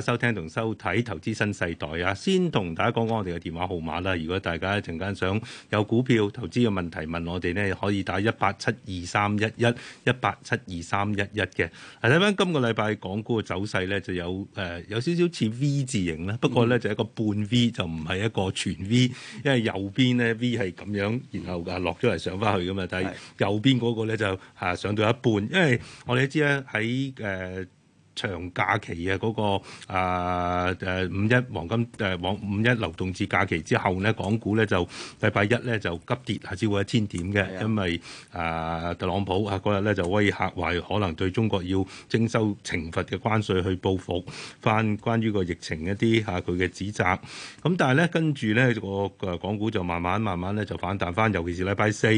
收聽同收睇投資新世代啊！先同大家講講我哋嘅電話號碼啦。如果大家一陣間想有股票投資嘅問題問我哋呢，可以打一八七二三一一一八七二三一一嘅。嚟睇翻今個禮拜港股嘅走勢呢，就有誒、呃、有少少似 V 字形啦。不過呢，就一個半 V，就唔係一個全 V，因為右邊呢 V 係咁樣，然後啊落咗嚟上翻去噶嘛。但係右邊嗰個咧就啊上到一半，因為我哋都知咧喺誒。呃長假期嘅嗰，那個啊，呃、五一黃金誒往，呃、五一流動至假期之後呢，港股呢就禮拜一呢就急跌下超過一千點嘅，因為啊，呃、特朗普啊嗰日呢就威嚇，話可能對中國要徵收懲罰嘅關稅去報復翻關於個疫情一啲嚇佢嘅指責。咁但係呢跟住呢，那個誒港股就慢慢慢慢咧就反彈翻，尤其是禮拜四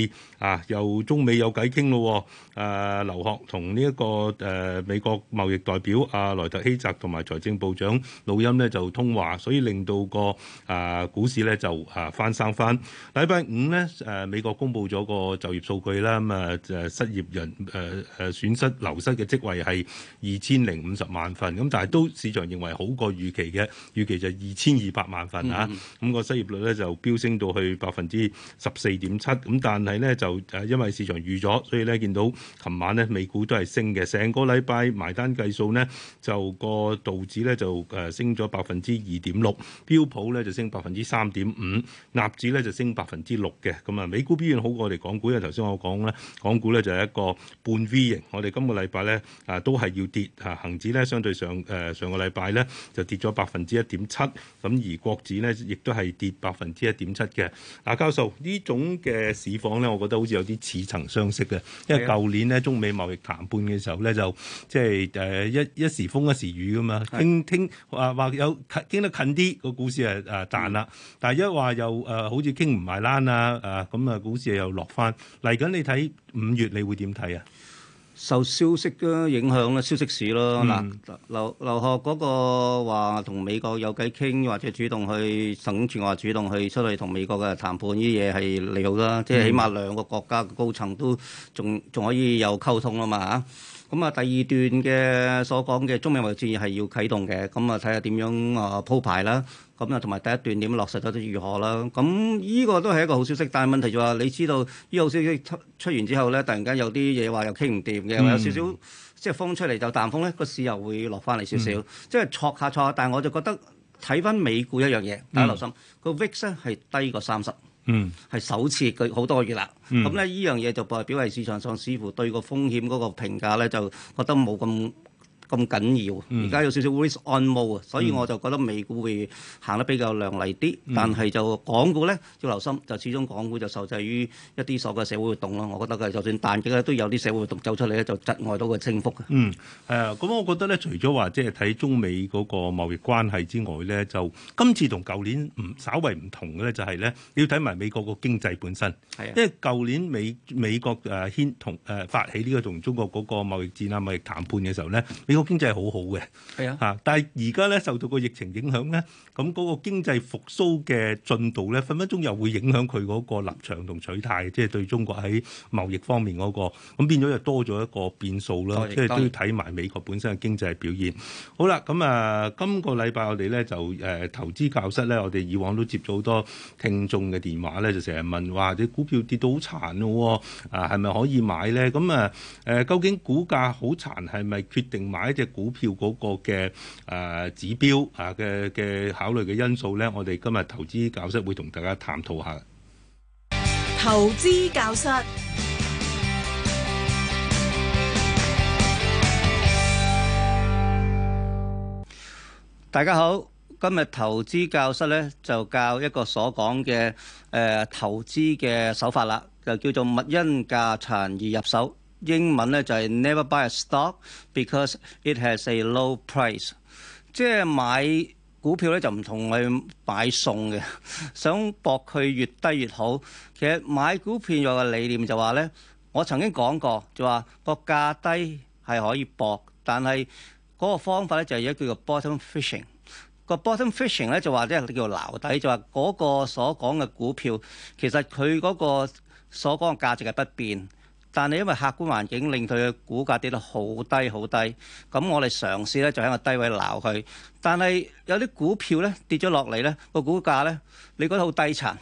啊，又中美有偈傾咯，誒劉鶴同呢一個誒，呃、美國貿易代表。阿萊、啊、特希澤同埋財政部長錄音呢就通話，所以令到個啊股市呢就啊翻生翻。禮拜五呢誒、啊、美國公布咗個就業數據啦，咁啊，啊失業人誒誒損失流失嘅職位係二千零五十萬份，咁但係都市場認為好過預期嘅，預期就二千二百萬份啊。咁、啊嗯、個失業率呢就飆升到去百分之十四點七，咁但係呢，就誒、啊、因為市場預咗，所以呢見到琴晚呢美股都係升嘅，成個禮拜埋單計數。咧就個道指咧就誒升咗百分之二點六，標普咧就升百分之三點五，納指咧就升百分之六嘅。咁啊，美股表現好過我哋港股啊。因為頭先我講咧，港股咧就係一個半 V 型。我哋今個禮拜咧啊都係要跌啊，恆指咧相對上誒上個禮拜咧就跌咗百分之一點七，咁而國指咧亦都係跌百分之一點七嘅。嗱，教授呢種嘅市況咧，我覺得好似有啲似曾相識嘅，因為舊年呢，中美貿易談判嘅時候咧的就即係誒一。呃一時風一時雨噶嘛，傾傾話話有傾得近啲，個股市係誒賺啦，但係一話又誒好似傾唔埋欄啊，誒，咁啊股市又落翻嚟緊。你睇五月你會點睇啊？受消息嘅影響啦，消息市咯嗱。劉劉鶴嗰個話同美國有偈傾，或者主動去省住話主動去出去同美國嘅談判呢啲嘢係利好啦，嗯、即係起碼兩個國家嘅高層都仲仲可以有溝通吖嘛吓。咁啊，第二段嘅所講嘅中美貿易協議係要啟動嘅，咁啊睇下點樣啊鋪排啦，咁啊同埋第一段點落實得如何啦，咁呢個都係一個好消息，但係問題就話你知道呢個消息出出完之後咧，突然間有啲嘢話又傾唔掂嘅，嗯、有少少即係風出嚟就淡風咧，個市又會落翻嚟少少，嗯、即係挫下挫下。但係我就覺得睇翻美股一樣嘢，大家留心個 VIX 係低過三十。嗯，係首次佢好多月啦，咁咧呢樣嘢就代表係市場上似乎對個風險嗰個評價咧，就覺得冇咁。咁緊要，而家有少少 risk on 冇啊，所以我就覺得美股會行得比較亮麗啲，但係就港股咧要留心，就始終港股就受制於一啲所謂社會活動咯。我覺得佢就算淡季咧，都有啲社會活動走出嚟咧，就窒礙到個升幅嘅。嗯，係啊，咁我覺得咧，除咗話即係睇中美嗰個貿易關係之外咧，就今次同舊年唔稍為唔同嘅咧，就係咧你要睇埋美國個經濟本身，因為舊年美美國誒牽同誒發起呢個同中國嗰個貿易戰啊，貿易談判嘅時候咧，美國。經濟係好好嘅，係啊的，嚇！但係而家咧受到個疫情影響咧，咁、那、嗰個經濟復甦嘅進度咧，分分鐘又會影響佢嗰個立場同取態，即係對中國喺貿易方面嗰、那個，咁變咗又多咗一個變數啦。即係都要睇埋美國本身嘅經濟表現。好啦，咁啊，今個禮拜我哋咧就誒投資教室咧，我哋以往都接咗好多聽眾嘅電話咧，就成日問話啲股票跌到好殘咯，啊，係咪可以買咧？咁啊，誒，究竟股價好殘係咪決定買？一隻股票嗰個嘅誒指標啊嘅嘅考慮嘅因素呢，我哋今日投資教室會同大家探討下。投資教室，大家好，今日投資教室呢就教一個所講嘅誒投資嘅手法啦，就叫做物因價殘而入手。英文咧就係 Never buy a stock because it has a low price，即係買股票咧就唔同去買餸嘅，想搏佢越低越好。其實買股票有個理念就話咧，我曾經講過就話個價低係可以搏，但係嗰個方法咧就係一個叫 bottom fishing。個 bottom fishing 咧就話即係叫撈底，就話、是、嗰個所講嘅股票其實佢嗰個所講嘅價值係不變。但係因為客觀環境令佢嘅股價跌到好低好低，咁我哋嘗試咧就喺個低位撈佢。但係有啲股票咧跌咗落嚟咧，個股價咧你覺得好低殘。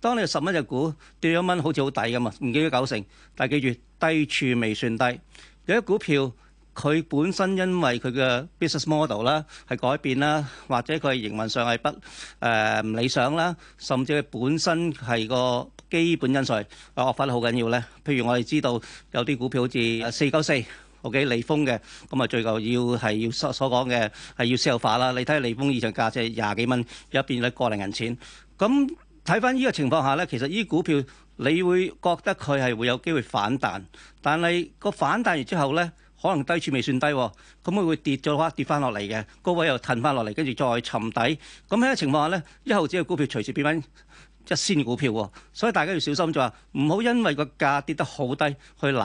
當你十蚊隻股跌咗一蚊，好似好抵咁嘛，唔見咗九成。但係記住，低處未算低。有啲股票，佢本身因為佢嘅 business model 啦係改變啦，或者佢係營運上係不誒唔理想啦，甚至佢本身係個基本因素係惡化得好緊要咧。譬如我哋知道有啲股票好似四九四，我記得利豐嘅咁啊，最後要係要所所講嘅係要私有化啦。你睇下利豐以上價即係廿幾蚊，而家變咗過零銀錢。咁睇翻呢個情況下咧，其實呢啲股票你會覺得佢係會有機會反彈，但係個反彈完之後咧。可能低處未算低，咁佢會跌咗嘅，跌翻落嚟嘅，高位又騰翻落嚟，跟住再沉底。咁喺個情況下咧，一毫子嘅股票隨時變翻一仙股票喎，所以大家要小心就話，唔好因為個價跌得好低去鬧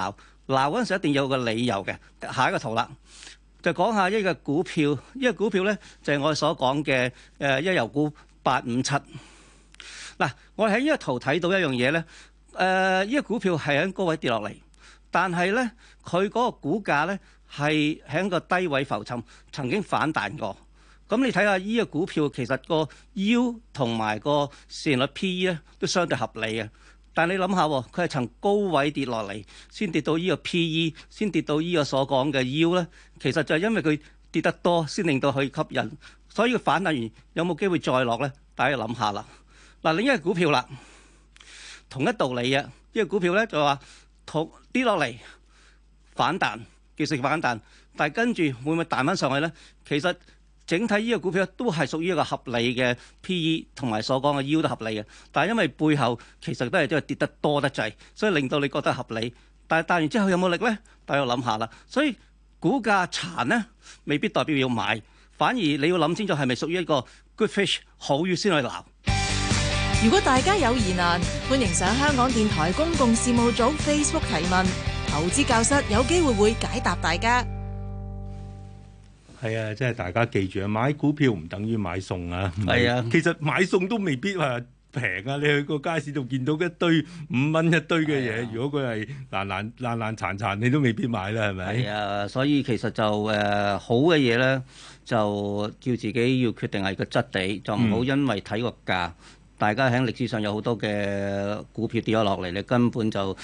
鬧嗰陣時，一定有個理由嘅。下一個圖啦，就講下呢個股票，呢個股票咧就係我哋所講嘅誒一油股八五七。嗱，我哋喺呢個圖睇到一樣嘢咧，誒呢個股票係喺高位跌落嚟。但係呢，佢嗰個股價呢係喺個低位浮沉，曾經反彈過。咁你睇下呢個股票其實個 U 同埋個市盈率 P E 呢都相對合理嘅。但係你諗下，佢係從高位跌落嚟，先跌到呢個 P E，先跌到呢個所講嘅 U 呢，其實就係因為佢跌得多，先令到佢吸引。所以佢反彈完有冇機會再落呢？大家諗下啦。嗱，另一個股票啦，同一道理嘅，呢個股票呢就話。跌落嚟反彈，叫食反彈，但係跟住會唔會彈翻上去呢？其實整體呢個股票都係屬於一個合理嘅 P E，同埋所講嘅 U 都合理嘅，但係因為背後其實都係即係跌得多得滯，所以令到你覺得合理，但係彈完之後有冇力呢？大家諗下啦。所以股價殘呢未必代表要買，反而你要諗清楚係咪屬於一個 good fish 好魚先去啦。如果大家有疑難，歡迎上香港電台公共事務組 Facebook 提問，投資教室有機會會解答大家。係啊，即係大家記住啊，買股票唔等於買餸啊。係啊，其實買餸都未必話平啊。你去個街市度見到一堆五蚊一堆嘅嘢，如果佢係爛爛爛爛殘殘，你都未必買啦，係咪？係啊，所以其實就誒好嘅嘢咧，就叫自己要決定係個質地，就唔好因為睇個價。大家喺歷史上有好多嘅股票跌咗落嚟，你根本就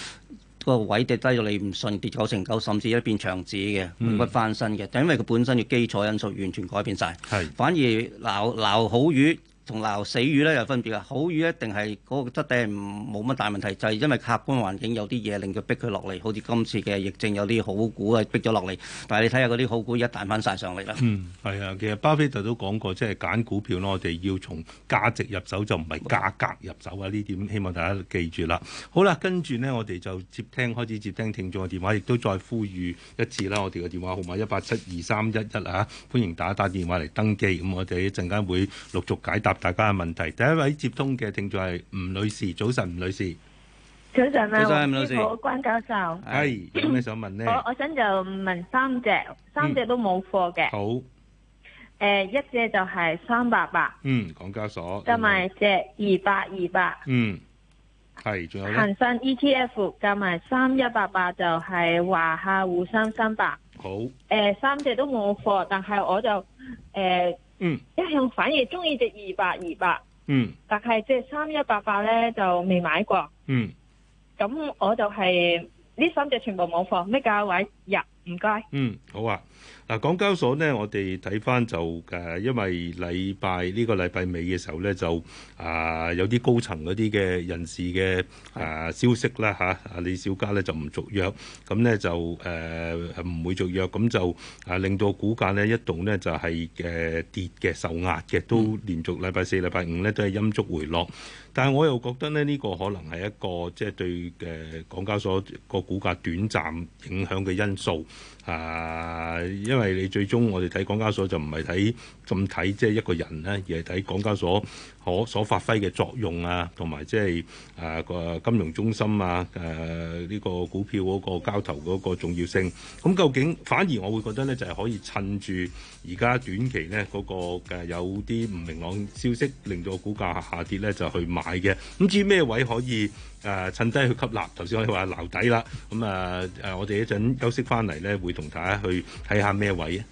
個位低跌低咗，你唔信跌九成九，甚至一片牆紙嘅，唔得、嗯、翻身嘅。就因為佢本身嘅基礎因素完全改變曬，是反而撈撈好魚。同鬧死魚咧有分別啊！好魚一定係嗰個質地係冇乜大問題，就係因為客觀環境有啲嘢令佢逼佢落嚟，好似今次嘅疫症有啲好股啊逼咗落嚟。但係你睇下嗰啲好股一彈翻晒上嚟啦。嗯，係啊，其實巴菲特都講過，即係揀股票咧，我哋要從價值入手，就唔係價格入手啊！呢點希望大家記住啦。好啦，跟住呢，我哋就接聽開始接聽聽眾嘅電話，亦都再呼籲一次啦！我哋嘅電話號碼一八七二三一一啊，歡迎打打，打電話嚟登記。咁我哋一陣間會陸續解答。大家嘅問題，第一位接通嘅聽眾係吳女士，早晨，吳女士。早晨啊，你好，關教授。係有咩想問呢？我我想就問三隻，三隻都冇貨嘅。好。誒，一隻就係三百八。嗯，港交所。加埋隻二八二八。嗯，係。仲有恒生 ETF 加埋三一八八，就係華夏滬深三百。好。誒，三隻都冇貨，但係我就誒。嗯，一向反而中意隻二百二百，嗯，但係即係三一八八咧，就未買過，嗯，咁、嗯、我就係、是、呢三隻全部冇貨，咩價位？入唔該，嗯，好啊。嗱，港交所呢，我哋睇翻就誒、啊，因為禮拜呢、呢個禮拜尾嘅時候呢，就啊有啲高層嗰啲嘅人士嘅啊消息啦嚇，阿、啊、李小加呢，就唔續約，咁呢，就誒唔會續約，咁就啊令到股價呢一度呢，就係、是、誒、啊、跌嘅受壓嘅，都連續禮拜四、禮拜五呢，都係陰燭回落。但係我又覺得咧，呢、這個可能係一個即係、就是、對誒港交所個股價短暫影響嘅因素啊，因為你最終我哋睇港交所就唔係睇咁睇即係一個人咧，而係睇港交所。我所發揮嘅作用啊，同埋即係誒個金融中心啊，誒、呃、呢、這個股票嗰個交投嗰個重要性。咁、嗯、究竟反而我會覺得咧，就係、是、可以趁住而家短期咧嗰、那個、呃、有啲唔明朗消息，令到股價下跌咧，就去買嘅。咁、嗯、至於咩位可以誒、呃、趁低去吸納？頭先我哋話撈底啦。咁啊誒，我哋一陣休息翻嚟咧，會同大家去睇下咩位啊。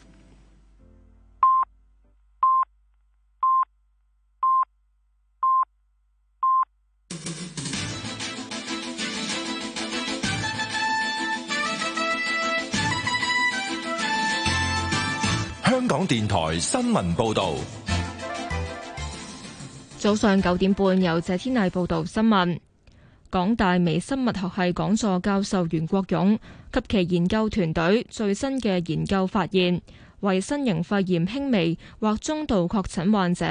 香港電台新聞報道，早上九點半由謝天麗報道新聞。港大微生物學系講座教授袁國勇及其研究團隊最新嘅研究發現，為新型肺炎輕微或中度確診患者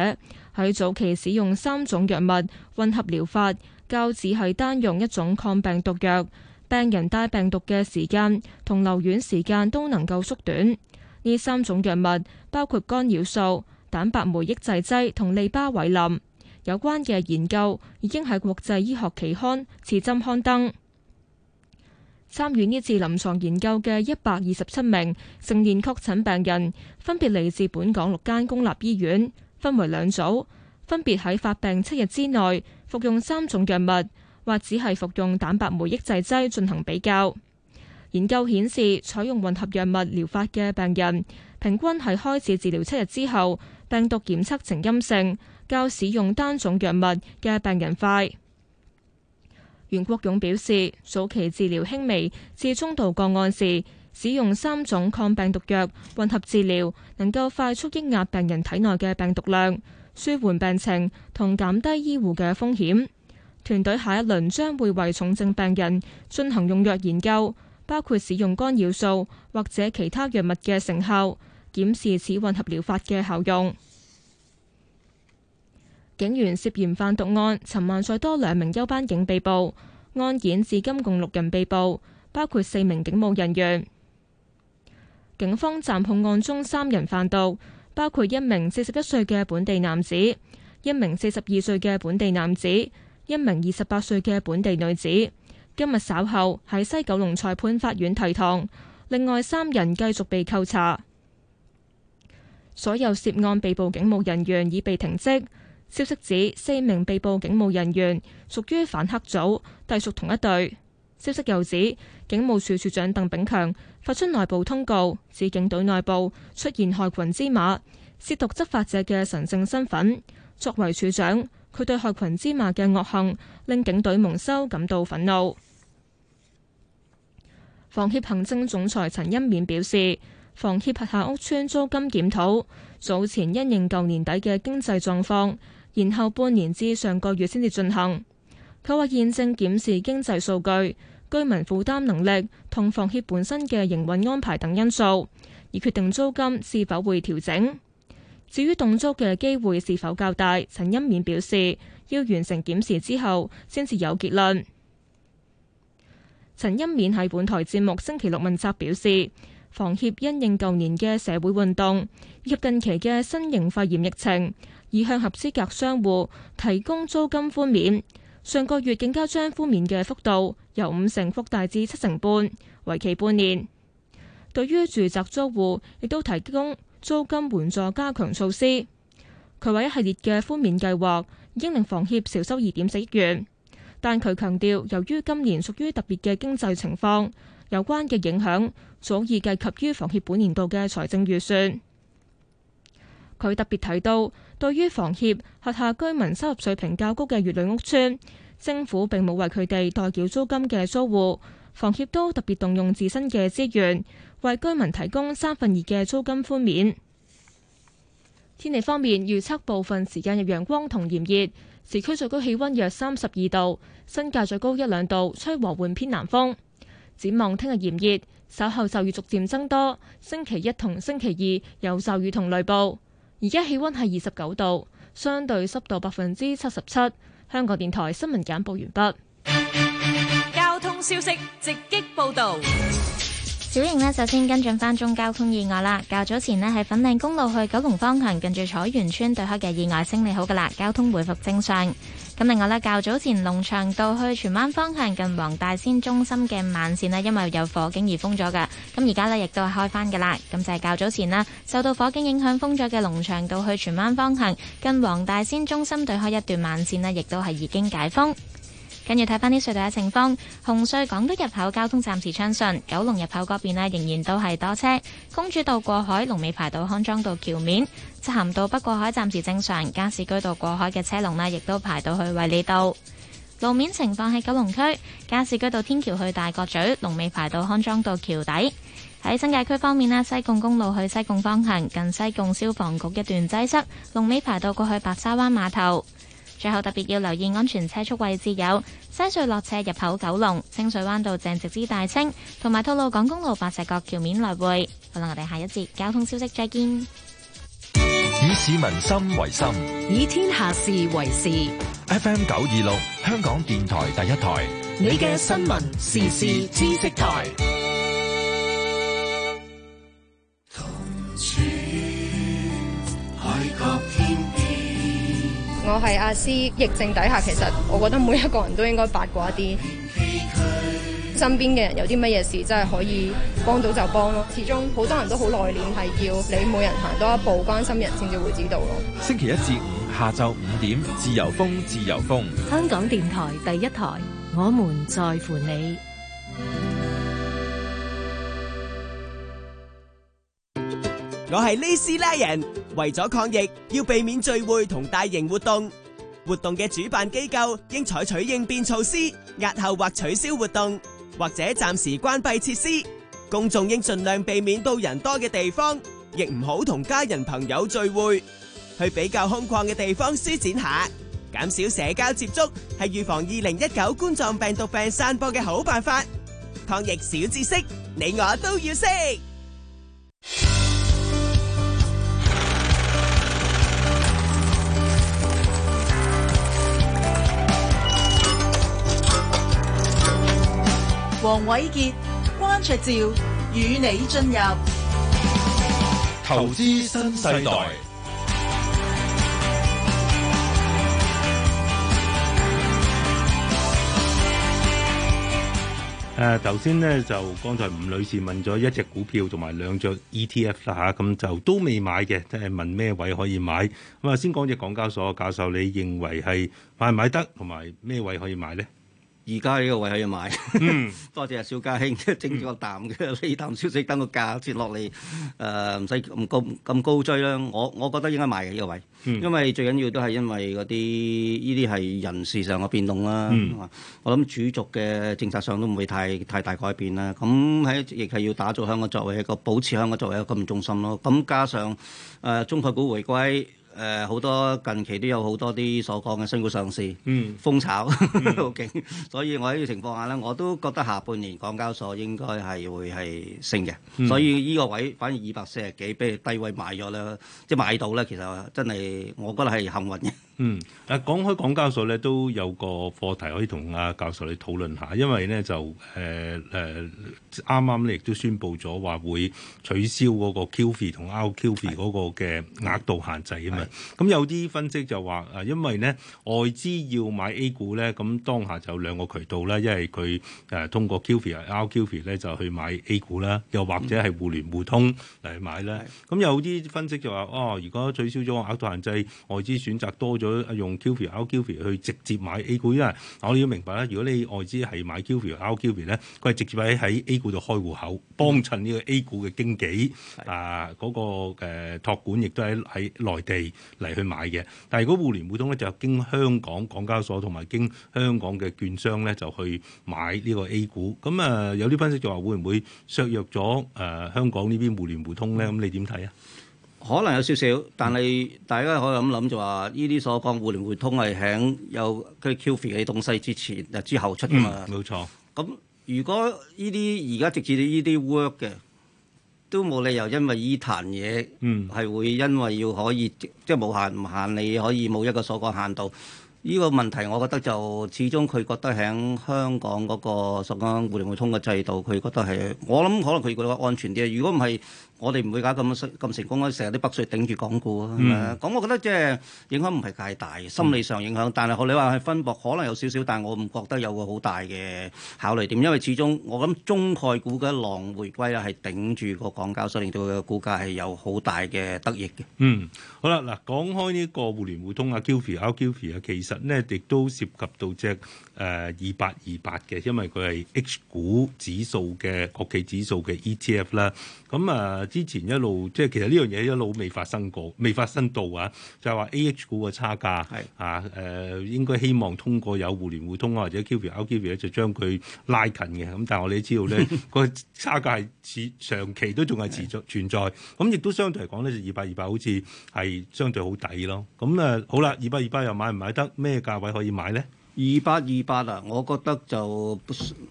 喺早期使用三種藥物混合療法，較只係單用一種抗病毒藥，病人帶病毒嘅時間同留院時間都能夠縮短。呢三種藥物包括干擾素、蛋白酶抑制劑同利巴韋林。有關嘅研究已經喺國際醫學期刊《刺針》刊登。參與呢次臨床研究嘅一百二十七名成年確診病人，分別嚟自本港六間公立醫院，分為兩組，分別喺發病七日之內服用三種藥物，或只係服用蛋白酶抑制劑進行比較。研究顯示，採用混合藥物療法嘅病人平均喺開始治療七日之後病毒檢測呈陰性，較使用單種藥物嘅病人快。袁國勇表示，早期治療輕微至中度個案時使用三種抗病毒藥混合治療，能夠快速抑壓病人體內嘅病毒量，舒緩病情同減低醫護嘅風險，團隊下一輪將會為重症病人進行用藥研究。包括使用干擾素或者其他藥物嘅成效，檢視此混合療法嘅效用。警員涉嫌販毒案，尋晚再多兩名休班警被捕，案件至今共六人被捕，包括四名警務人員。警方暫控案中三人販毒，包括一名四十一歲嘅本地男子、一名四十二歲嘅本地男子、一名二十八歲嘅本地女子。今日稍後喺西九龍裁判法院提堂，另外三人繼續被扣查。所有涉案被捕警務人員已被停職。消息指四名被捕警務人員屬於反黑組，隸屬同一隊。消息又指警務處處長鄧炳強發出內部通告，指警隊內部出現害群之馬，褻瀆執法者嘅神聖身份。作為處長。佢對害群之馬嘅惡行令警隊蒙羞，感到憤怒。房協行政總裁陳欣勉表示，房協轄下屋邨租金檢討早前因應舊年底嘅經濟狀況，然後半年至上個月先至進行。佢話現正檢視經濟數據、居民負擔能力同房協本身嘅營運安排等因素，而決定租金是否會調整。至於凍租嘅機會是否較大，陳欣勉表示要完成檢視之後先至有結論。陳欣勉喺本台節目星期六問責表示，房協因應舊年嘅社會運動以及近期嘅新型肺炎疫情，而向合資格商戶提供租金寬免。上個月更加將寬免嘅幅度由五成擴大至七成半，為期半年。對於住宅租戶，亦都提供。租金援助加強措施，佢話一系列嘅寬免計劃已經令房協少收二點四億元，但佢強調由於今年屬於特別嘅經濟情況，有關嘅影響早已計及於房協本年度嘅財政預算。佢特別提到，對於房協轄下居民收入水平較高嘅乙類屋邨，政府並冇為佢哋代繳租金嘅租戶，房協都特別動用自身嘅資源。為居民提供三分二嘅租金寬免。天氣方面，預測部分時間有陽光同炎熱，市區最高氣温約三十二度，新界最高一兩度，吹和緩偏南風。展望聽日炎熱，稍後驟雨逐漸增多。星期一同星期二有驟雨同雷暴。而家氣温係二十九度，相對濕度百分之七十七。香港電台新聞簡報完畢。交通消息直擊報道。小瑩呢，首先跟進翻中交通意外啦。較早前呢，喺粉嶺公路去九龍方向近住彩園村對開嘅意外清理好噶啦，交通回復正常。咁另外呢，較早前龍翔道去荃灣方向近黃大仙中心嘅慢線呢，因為有火警而封咗噶，咁而家呢，亦都係開翻噶啦。咁就係、是、較早前啦，受到火警影響封咗嘅龍翔道去荃灣方向近黃大仙中心對開一段慢線呢，亦都係已經解封。跟住睇翻啲隧道嘅情況，紅隧港都入口交通暫時暢順，九龍入口嗰邊呢，仍然都係多車。公主道過海，龍尾排到康莊道橋面，漆咸道北過海暫時正常。加士居道過海嘅車龍呢，亦都排到去衛理道。路面情況喺九龍區，加士居道天橋去大角咀龍尾排到康莊道橋底。喺新界區方面呢，西貢公路去西貢方向近西貢消防局一段擠塞，龍尾排到過去白沙灣碼頭。最後特別要留意安全車速位置有西隧落斜入口九龍、九龍清水灣道正直之大清，同埋吐露港公路白石角橋面來回。好啦，我哋下一節交通消息再見。以市民心為心，以天下事為事。FM 九二六，香港電台第一台，你嘅新聞時事知識台。我係阿思，疫症底下其實我覺得每一個人都應該八卦啲，身邊嘅人有啲乜嘢事，真係可以幫到就幫咯。始終好多人都好內斂，係叫你每人行多一步，關心人先至會知道咯。星期一至五下晝五點，自由風，自由風，香港電台第一台，我們在乎你。我係 Lisa 人，為咗抗疫，要避免聚會同大型活動。活動嘅主辦機構應採取應變措施，押後或取消活動，或者暫時關閉設施。公眾應盡量避免到人多嘅地方，亦唔好同家人朋友聚會，去比較空曠嘅地方舒展下，減少社交接觸，係預防二零一九冠狀病毒病散播嘅好辦法。抗疫小知識，你我都要識。黃瑋傑、關焯照與你進入投資新世代。誒、啊，頭先呢，就剛才吳女士問咗一隻股票同埋兩隻 ETF 啦吓，咁、啊、就都未買嘅，即係問咩位可以買。咁啊，先講隻港交所，教授你認為係買唔買得，同埋咩位可以買呢？而家呢個位係要買，嗯、 多謝阿少家興整咗個啖嘅呢啖消息，等個價折落嚟，誒唔使咁咁咁高追啦。我我覺得應該買嘅呢、呢個位，嗯、因為最緊要都係因為嗰啲依啲係人事上嘅變動啦。嗯、我諗主軸嘅政策上都唔會太太大改變啦。咁喺亦係要打造香港作為一個保持香港作為一個金融中心咯。咁加上誒、呃、中概股回歸。誒好多近期都有好多啲所講嘅新股上市，嗯、風炒好勁， 嗯、 所以我喺呢個情況下咧，我都覺得下半年港交所應該係會係升嘅，嗯、所以呢個位反而二百四十幾，譬如低位買咗咧，即係買到咧，其實真係我覺得係幸運嘅。嗯，嗱、啊，講開講教授咧，都有個課題可以同阿教授你討論下，因為咧就誒誒啱啱咧亦都宣布咗話會取消嗰個 QFII 同 RQFII 嗰個嘅額度限制啊嘛。咁是有啲分析就話啊，因為咧外資要買 A 股咧，咁當下就有兩個渠道啦，一係佢誒通過 QFII 同 RQFII 咧就去買 A 股啦，又或者係互聯互通嚟買啦。咁是有啲分析就話哦，如果取消咗額度限制，外資選擇多。用 QFII 或 RQFII 去直接買 A 股，因為我哋要明白啦。如果你外資係買 QFII 或 RQFII 咧，佢係直接喺喺 A 股度開戶口，幫襯呢個 A 股嘅經紀、嗯、啊，嗰、嗰個、呃、托管亦都喺喺內地嚟去買嘅。但係如果互聯互通咧，就經香港港交所同埋經香港嘅券商咧，就去買呢個 A 股。咁啊、呃，有啲分析就話會唔會削弱咗誒、呃、香港呢邊互聯互通咧？咁你點睇啊？可能有少少，但係大家可以咁諗就話、係，呢啲所講互聯互通係喺有佢 QF 嘅東西之前、啊之後出㗎嘛。冇、嗯、錯。咁如果呢啲而家直至到呢啲 work 嘅，都冇理由因為依壇嘢，嗯，係會因為要可以即係無限唔限，你可以冇一個所講限度。呢、呢個問題，我覺得就始終佢覺得喺香港嗰個所講互聯互通嘅制度，佢覺得係我諗可能佢覺得安全啲。如果唔係，我哋唔會搞咁咁成功咯，成日啲北水頂住港股啊咁，我覺得即係影響唔係太大，心理上影響，但係你話係分薄可能有少少，但係我唔覺得有個好大嘅考慮點，因為始終我諗中概股嘅浪回歸啊，係頂住個港交所令到佢嘅股價係有好大嘅得益嘅。嗯，好啦，嗱，講開呢個互聯互通啊，QFII 啊，QFII 啊，其實咧亦都涉及到即。誒二八二八嘅，因為佢係 H 股指數嘅國企指數嘅 ETF 啦。咁啊，之前一路即係其實呢樣嘢一路未發生過，未發生到啊。就係、是、話 A H 股嘅差價係是啊誒、呃，應該希望通過有互聯互通啊或者 QV、RQV 就將佢拉近嘅。咁但係我哋都知道咧， 個差價係持長期都仲係持續存在。咁亦是、嗯、都相對嚟講咧，二八二八好似係相對好抵咯。咁啊，好啦，二八二八又買唔買得？咩價位可以買咧？二八二八啊，我覺得就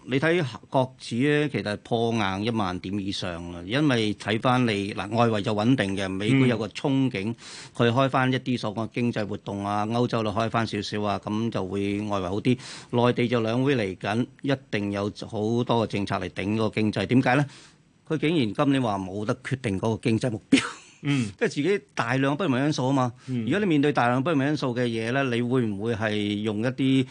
你睇國指咧，其實破硬一萬點以上啦，因為睇翻你嗱外圍就穩定嘅，美國有個憧憬，佢開翻一啲所謂經濟活動啊，歐洲度開翻少少啊，咁就會外圍好啲。內地就兩會嚟緊，一定有好多嘅政策嚟頂個經濟，點解咧？佢竟然今年話冇得決定嗰個經濟目標。嗯，即係自己大量不確定因素啊嘛。嗯、如果你面對大量不確定因素嘅嘢咧，你會唔會係用一啲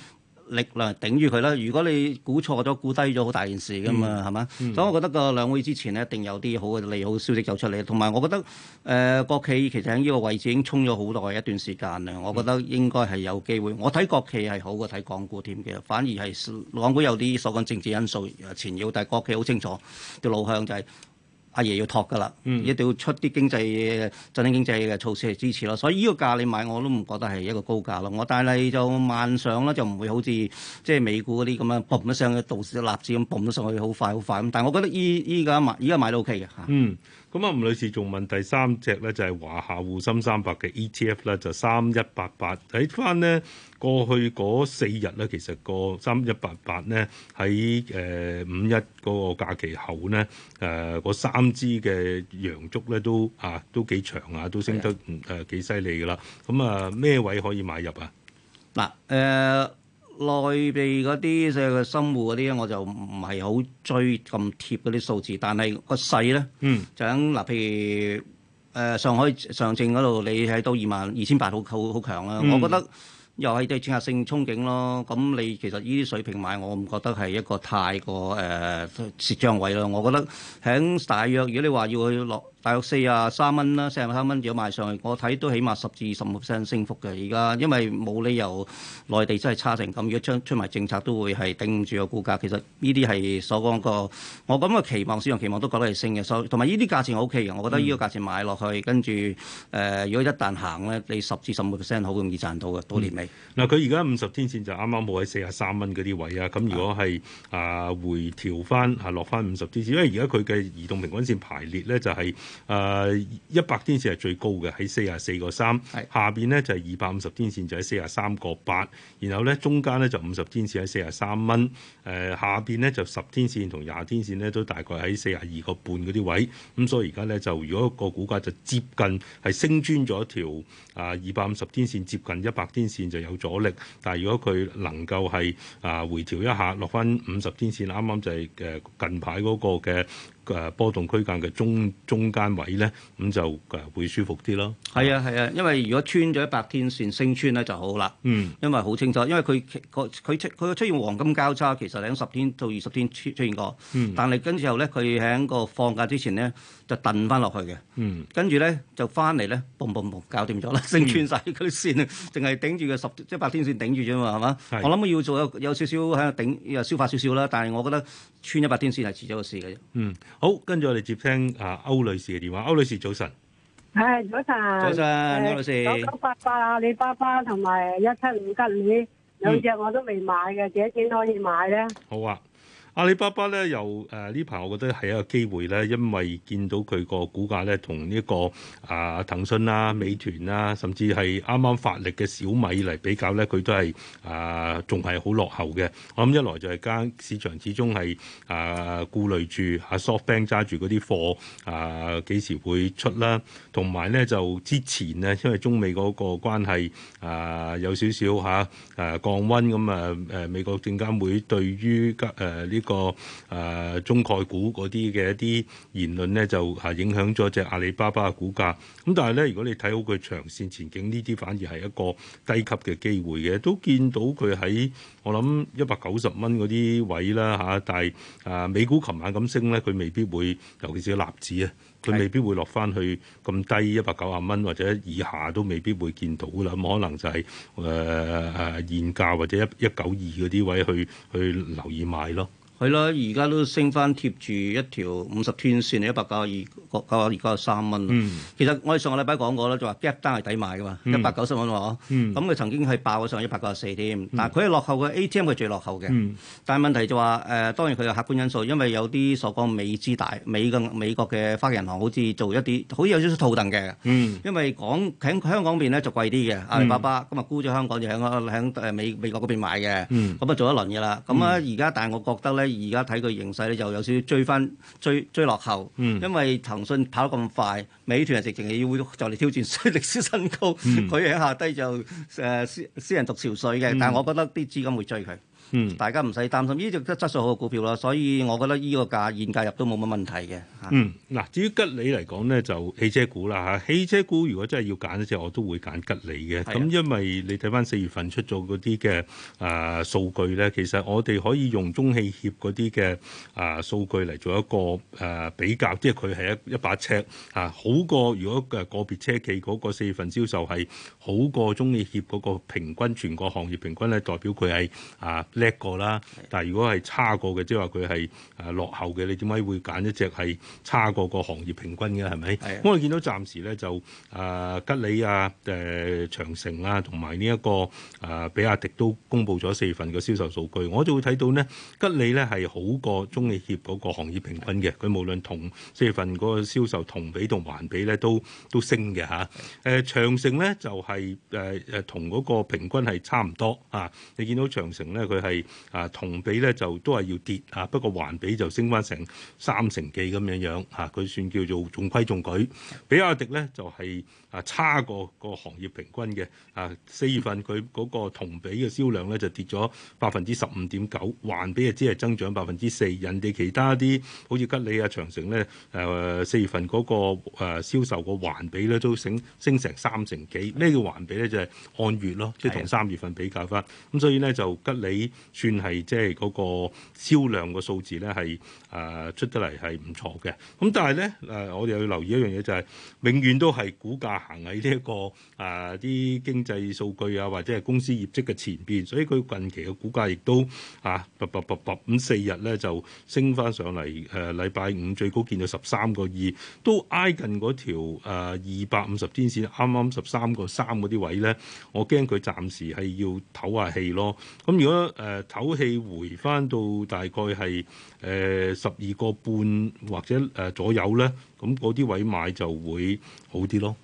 力量頂住佢咧？如果你估錯咗、估低咗，好大件事噶嘛，係嘛？所以，我覺得個兩會之前咧，一定有啲好嘅利好消息走出嚟。同埋，我覺得誒、呃、國企其實喺呢個位置已經衝咗好耐一段時間啦。我覺得應該係有機會。我睇國企係好過睇港股添嘅，反而係港股有啲所謂政治因素誒纏繞，但係國企好清楚條路向就係、是。阿爺，爺要托噶啦，嗯、一定要出啲經濟、振興經濟嘅措施嚟支持咯。所以依個價你買，我都唔覺得係一個高價咯。我但係就慢上咧就唔會好似即係美股嗰啲咁樣 b o 上去，一聲倒市立箭咁 b 得上去，好快好快咁。但係我覺得依依家買，依家買都 OK 嘅嚇。嗯咁啊，吳女士仲問第三隻咧就係、是、華夏滬深三百嘅 ETF 咧，就三一八八。睇返呢過去嗰四日咧，其實個三一八八咧喺誒五一嗰個假期後咧，誒嗰三支嘅陽燭咧都啊都幾長啊，都升得唔誒幾犀利㗎喇。咁的啊，咩位可以買入啊？嗱誒、啊。呃內地嗰啲即係個深滬嗰啲咧，我就唔係好追咁貼嗰啲數字，但係個勢咧，嗯、就響嗱譬如誒、呃、上海上證嗰度，你喺到二萬二千八，好好好強啦。嗯、我覺得又係對政策性憧憬咯。咁、嗯、你其實呢啲水平買，我唔覺得係一個太過誒蝕張位咯。我覺得喺大約，如果你話要去落。大概四啊三蚊啦，四十三蚊如果賣上去，我睇都起碼十至十五 percent 升幅嘅。而家因為冇理由內地真係差成咁，如果將出埋政策都會係頂唔住個股價。其實呢啲係所講個，我咁嘅期望，市場期望都覺得係升嘅。同埋呢啲價錢我 OK 嘅，我覺得呢個價錢買落去，跟住誒、呃，如果一旦行咧，你十至十五 percent 好容易賺到嘅，到年尾。嗱、嗯，佢而家五十天線就啱啱冇喺四啊三蚊嗰啲位啊，咁如果係啊回調翻啊落翻五十天線，因為而家佢嘅移動平均線排列咧就係、是。誒一百天線係最高嘅，喺四十四個三。下邊呢就係二百五十天線，就喺四十三個八。然後咧中間呢就五十天線喺四十三蚊。誒下邊呢，就十、是、天線同廿天線、呃、呢，線線都大概喺四十二個半嗰啲位。咁、嗯、所以而家呢，就如果個股價就接近係升穿咗條啊二百五十天線，接近一百天線就有阻力。但係如果佢能夠係啊回調一下，落翻五十天線，啱啱就係誒近排嗰個嘅。誒波動區間嘅中中間位咧，咁就誒會舒服啲咯。係啊，係啊，因為如果穿咗一百天線升穿咧就好啦。嗯，因為好清楚，因為佢佢出佢出現黃金交叉，其實喺十天到二十天出出現過。嗯，但係跟住後咧，佢喺個放假之前咧。就燉翻落去嘅，跟住咧就翻嚟咧，嘣嘣嘣，搞掂咗啦，升穿晒佢啲線，淨係、嗯、頂住個十即係百天線頂住啫嘛，係嘛？是我諗要做有，有少少喺度頂，消化少少啦。但係我覺得穿一百天線係遲咗個事嘅。嗯，好，跟住我哋接聽啊歐女士嘅電話。歐女士早晨，唉早晨，早晨歐女士，九九八八阿里巴巴同埋一七五七五，兩隻我都未買嘅，幾多錢可以買咧？好啊。阿里巴巴咧，又誒呢排，呃、我覺得係一個機會咧，因為見到佢、個股價咧，同呢個啊騰訊啦、美團啦、啊，甚至係啱啱發力嘅小米嚟比較咧，佢都係啊仲係好落後嘅。我諗一來就係間市場始終係啊顧慮住啊 Softbank 揸住嗰啲貨啊幾時會出啦，同埋咧就之前呢，因為中美嗰個關係啊、呃、有少少吓誒、啊呃、降溫咁啊誒美國證監會對於誒呢個誒中概股嗰啲嘅一啲言論咧，就嚇影響咗隻阿里巴巴嘅股價。咁但係咧，如果你睇好佢長線前景，呢啲反而係一個低級嘅機會嘅。都見到佢喺我諗一百九十蚊嗰啲位啦吓，但係啊美股琴晚咁升咧，佢未必會，尤其是個納指啊。佢未必會落翻去咁低一百九啊蚊或者以下都未必會見到啦，咁可能就係、是、誒、呃、現價或者一一九二嗰啲位去去留意買咯。係啦，而家都升翻貼住一條五十天線，一百九二個而家三蚊。其實我哋上個禮拜講過啦，就話 gap 單係抵買噶嘛，一百九十蚊喎。咁佢曾經係爆咗上一百九十四添，嗯嗯嗯 嗯 smoked. 但佢係落後嘅 ATM 佢係最落後嘅。但係問題就話誒、呃，當然佢有客觀因素，因為有啲所講美資大美嘅美國嘅花旗人。好似做一啲，好似有少少套凳嘅，嗯、因為港喺香港邊咧就貴啲嘅，阿里巴巴咁啊沽咗香港就喺喺誒美美國嗰邊買嘅，咁啊、嗯、做一輪嘅啦，咁啊而家但係我覺得咧，而家睇佢形勢咧，就有少少追翻追追落後，嗯、因為騰訊跑得咁快，美團係直情係要嚟挑戰歷史新高，佢喺、嗯、下低就誒私人讀潮水嘅，但係我覺得啲資金會追佢。嗯嗯，大家唔使擔心，呢隻質質素好嘅股票啦，所以我覺得依個價現價入都冇乜問題嘅。嗯，嗱，至於吉利嚟講呢，就汽車股啦嚇。汽車股如果真係要揀嘅時候，我都會揀吉利嘅。咁、啊、因為你睇翻四月份出咗嗰啲嘅啊數據呢，其實我哋可以用中汽協嗰啲嘅啊數據嚟做一個啊比較，即係佢係一一把尺啊，好過如果嘅個別車企嗰個四月份銷售係好過中汽協嗰個平均全個行業平均呢，代表佢係啊。叻過啦，但係如果係差過嘅，即係話佢係誒落後嘅，你點解會揀一隻係差過個行業平均嘅？係咪？是的 我哋見到暫時咧就誒吉利啊、誒、呃、長城啊同埋呢一個誒、呃、比亞迪都公布咗四月份嘅銷售數據，我就會睇到咧，吉利咧係好過中汽協嗰個行業平均嘅，佢是的 無論同四月份嗰個銷售同比同環比咧都都升嘅，吓，誒，長城咧就係誒誒同嗰個平均係差唔多啊。你見到長城咧，佢係。係啊，同比咧就都係要跌啊，不過環比就升翻成三成幾咁樣樣吓，佢、啊、算叫做中規中矩。比亞迪咧就係、是、啊差過個行業平均嘅啊，四月份佢嗰個同比嘅銷量咧就跌咗百分之十五點九，環比啊只係增長百分之四。人哋其他啲好似吉利啊、長城咧，誒、呃，四月份嗰個誒銷售個環比咧都升升成三成幾、這個、呢個環比咧，就係按月咯，即係同三月份比較翻。咁所以咧就吉利。算係即係嗰個銷量個數字咧係誒出得嚟係唔錯嘅，咁但係咧誒我哋又要留意一樣嘢就係、是、永遠都係股價行喺呢一個誒啲、呃、經濟數據啊或者係公司業績嘅前邊，所以佢近期嘅股價亦都啊拔拔拔拔咁四日咧就升翻上嚟誒禮拜五最高見到十三個二，都挨近嗰條二百五十天線啱啱十三個三嗰啲位咧，我驚佢暫時係要唞下氣咯。咁如果誒？呃誒唞氣回翻到大概係誒十二個半或者誒、呃、左右咧，咁嗰啲位買就會好啲咯。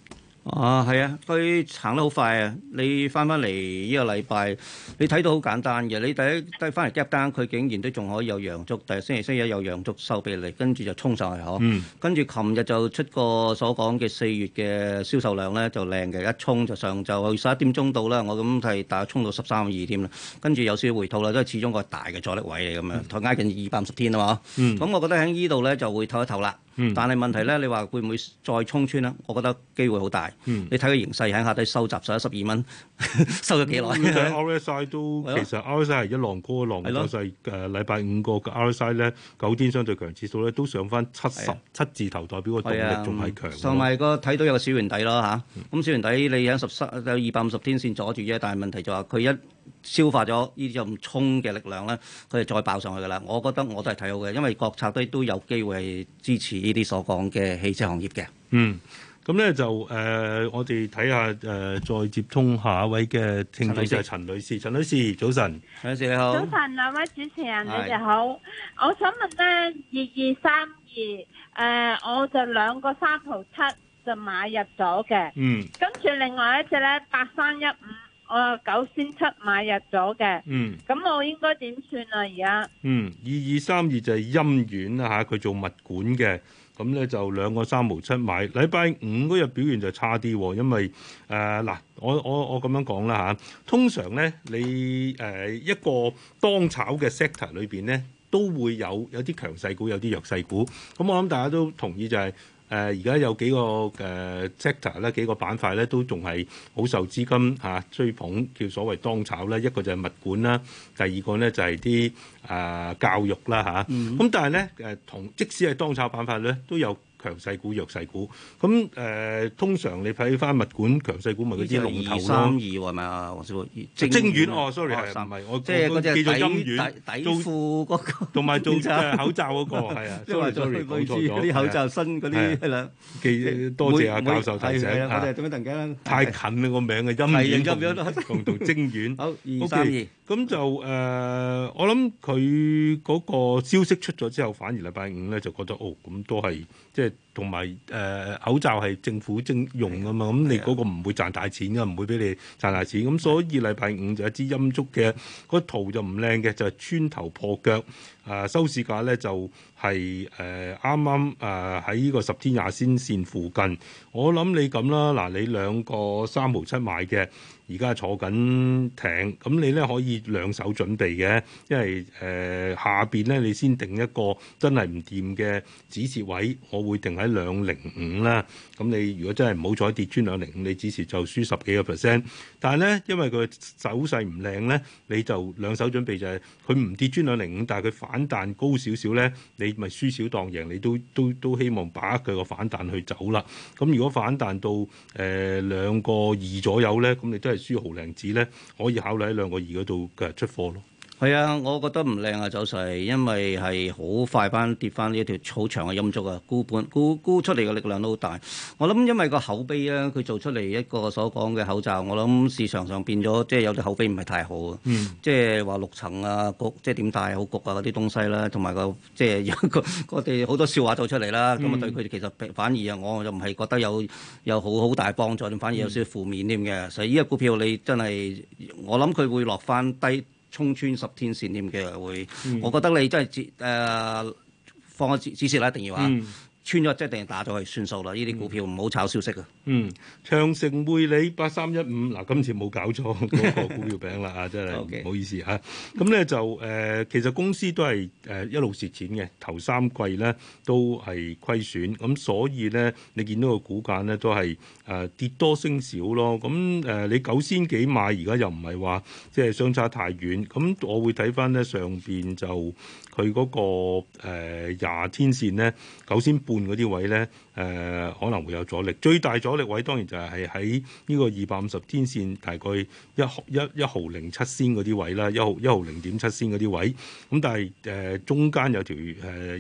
啊，係啊，佢行得好快啊！你翻翻嚟呢個禮拜，你睇到好簡單嘅。你第一低翻嚟 gap 單，佢竟然都仲可以有陽燭。第二星期一有陽燭收畀你。跟住就衝上嚟呵。跟住琴日就出個所講嘅四月嘅銷售量咧，就靚嘅一衝上就上，就十一點鐘到啦。我諗係大概衝到十三二添啦。跟住有少少回吐啦，都係始終個大嘅阻力位嚟咁樣，台挨、嗯、近二百五十天啊嘛。咁、嗯嗯、我覺得喺呢度咧就會唞一唞啦。嗯、但係問題咧，你話會唔會再衝穿呢？我覺得機會好大。嗯、你睇個形勢喺下底收集晒一十二蚊， 收咗幾耐 RSI、RSI 都的其實 RSI 係一浪高一浪走勢。誒的，禮拜、呃、五個 RSI 咧，九天相對強指數咧，都上翻七十的七字頭，代表個動力仲係的強。同埋個睇到有個小圓底咯吓，咁、嗯、小圓底你喺十三有二百五十天線阻住啫。但係問題就話佢一。消化咗呢任衝嘅力量咧，佢哋再爆上去噶啦。我覺得我都係睇好嘅，因為國策都都有機會支持呢啲所講嘅汽車行業嘅。嗯，咁咧就誒、呃，我哋睇下誒，再接通下一位嘅聽眾，就係陳女士。陳女士，陳女士，早晨。陳女士你好。早晨，兩位主持人是你哋好。我想問咧，二二三二誒，我就兩個三毫七就買入咗嘅。嗯。跟住另外一隻咧，八三一五， 我九千七買入咗嘅，嗯，咁我應該點算啊？而家嗯，二二三二就係陰線啦吓，佢做物管嘅，咁咧就兩個三毫七買。禮拜五嗰日表現就差啲，因為誒嗱、呃，我我我咁樣講啦吓，通常咧你誒、呃、一個當炒嘅 sector 裏邊咧，都會有有啲強勢股，有啲弱勢股，咁我諗大家都同意就係、是。誒而家有幾個誒 sector 咧，幾個板塊咧都仲係好受資金嚇、啊、追捧，叫所謂當炒咧。一個就係物管啦，第二個咧就係啲誒教育啦嚇。咁、啊嗯、但係咧誒同即使係當炒板塊咧都有。強勢股、弱勢股，咁誒通常你睇翻物管強勢股咪嗰啲龍頭咯。二三二係咪啊，黃師傅？精遠哦，sorry，但係我即係嗰隻底底褲嗰個，同埋做口罩嗰個係啊 sorry，講錯咗。啲口罩新嗰啲兩，多謝阿教授提醒啊。太近啦個名啊，陰雨陰雨，共同精遠。好二三二。咁就誒、呃，我諗佢嗰個消息出咗之後，反而禮拜五咧就覺得哦，咁都係即係同埋誒口罩係政府徵用啊嘛，咁的你嗰個唔會賺大錢嘅，唔的會俾你賺大錢，咁所以禮拜五就一支陰燭嘅，個圖就唔靚嘅，就係、是、穿頭破腳，誒、呃、收市價咧就係誒啱啱誒喺呢個十天廿仙線,線附近，我諗你咁啦，嗱你兩個三毫七買嘅。而家坐緊艇，咁你咧可以兩手準備嘅，因為誒、呃、下邊咧你先定一個真係唔掂嘅止蝕位，我會定喺兩零五啦。咁你如果真係唔好彩跌穿兩零五，你止蝕就輸十幾個 percent。但係咧，因為佢走勢唔靚咧，你就兩手準備就係佢唔跌穿兩零五，但係佢反彈高少少咧，你咪輸少當贏，你都都都希望把握佢個反彈去走啦。咁、嗯、如果反彈到誒兩、呃、個二左右咧，咁、嗯、你都係輸毫零子咧，可以考慮喺兩個二嗰度嘅出貨咯。係啊，我覺得唔靚啊，走勢，因為係好快返跌翻呢一條好長嘅陰燭啊。沽盤沽沽出嚟嘅力量都好大。我諗，因為個口碑啊，佢做出嚟一個所講嘅口罩，我諗市場上變咗，即係有啲口碑唔係太好啊。嗯、即係話六層啊，焗即係點戴好焗啊嗰啲東西啦、啊，同埋、嗰個即係個我哋好多笑話做出嚟啦。咁啊、嗯，對佢哋其實反而啊，我就唔係覺得有有好好大幫助，反而有少少負面添嘅。嗯、所以依個股票你真係我諗佢會落翻低。沖穿十天線添嘅會，嗯、我覺得你真係接誒放個指指示啦，一定要、嗯、啊！穿咗即係定係打咗去算數啦！呢啲股票唔好、嗯、炒消息嘅。嗯，長城匯理八三一五嗱，今次冇搞錯嗰個股票餅啦啊， 真係唔好意思嚇。咁咧 Okay.、啊、就誒、呃，其實公司都係誒、呃、一路蝕錢嘅，頭三季咧都係虧損。咁所以咧，你見到個股價咧都係誒、呃、跌多升少咯。咁誒，你九千幾買而家又唔係話即係相差太遠。咁我會睇返咧上邊就。佢嗰、嗰個廿、呃、天線咧，九仙半嗰啲位咧，誒、呃、可能會有阻力。最大阻力位當然就係係喺呢個二百五十天線，大概一毫一,一毫零七仙嗰啲位啦，一毫一毫零點七仙嗰啲位。咁但係誒、呃、中間有條誒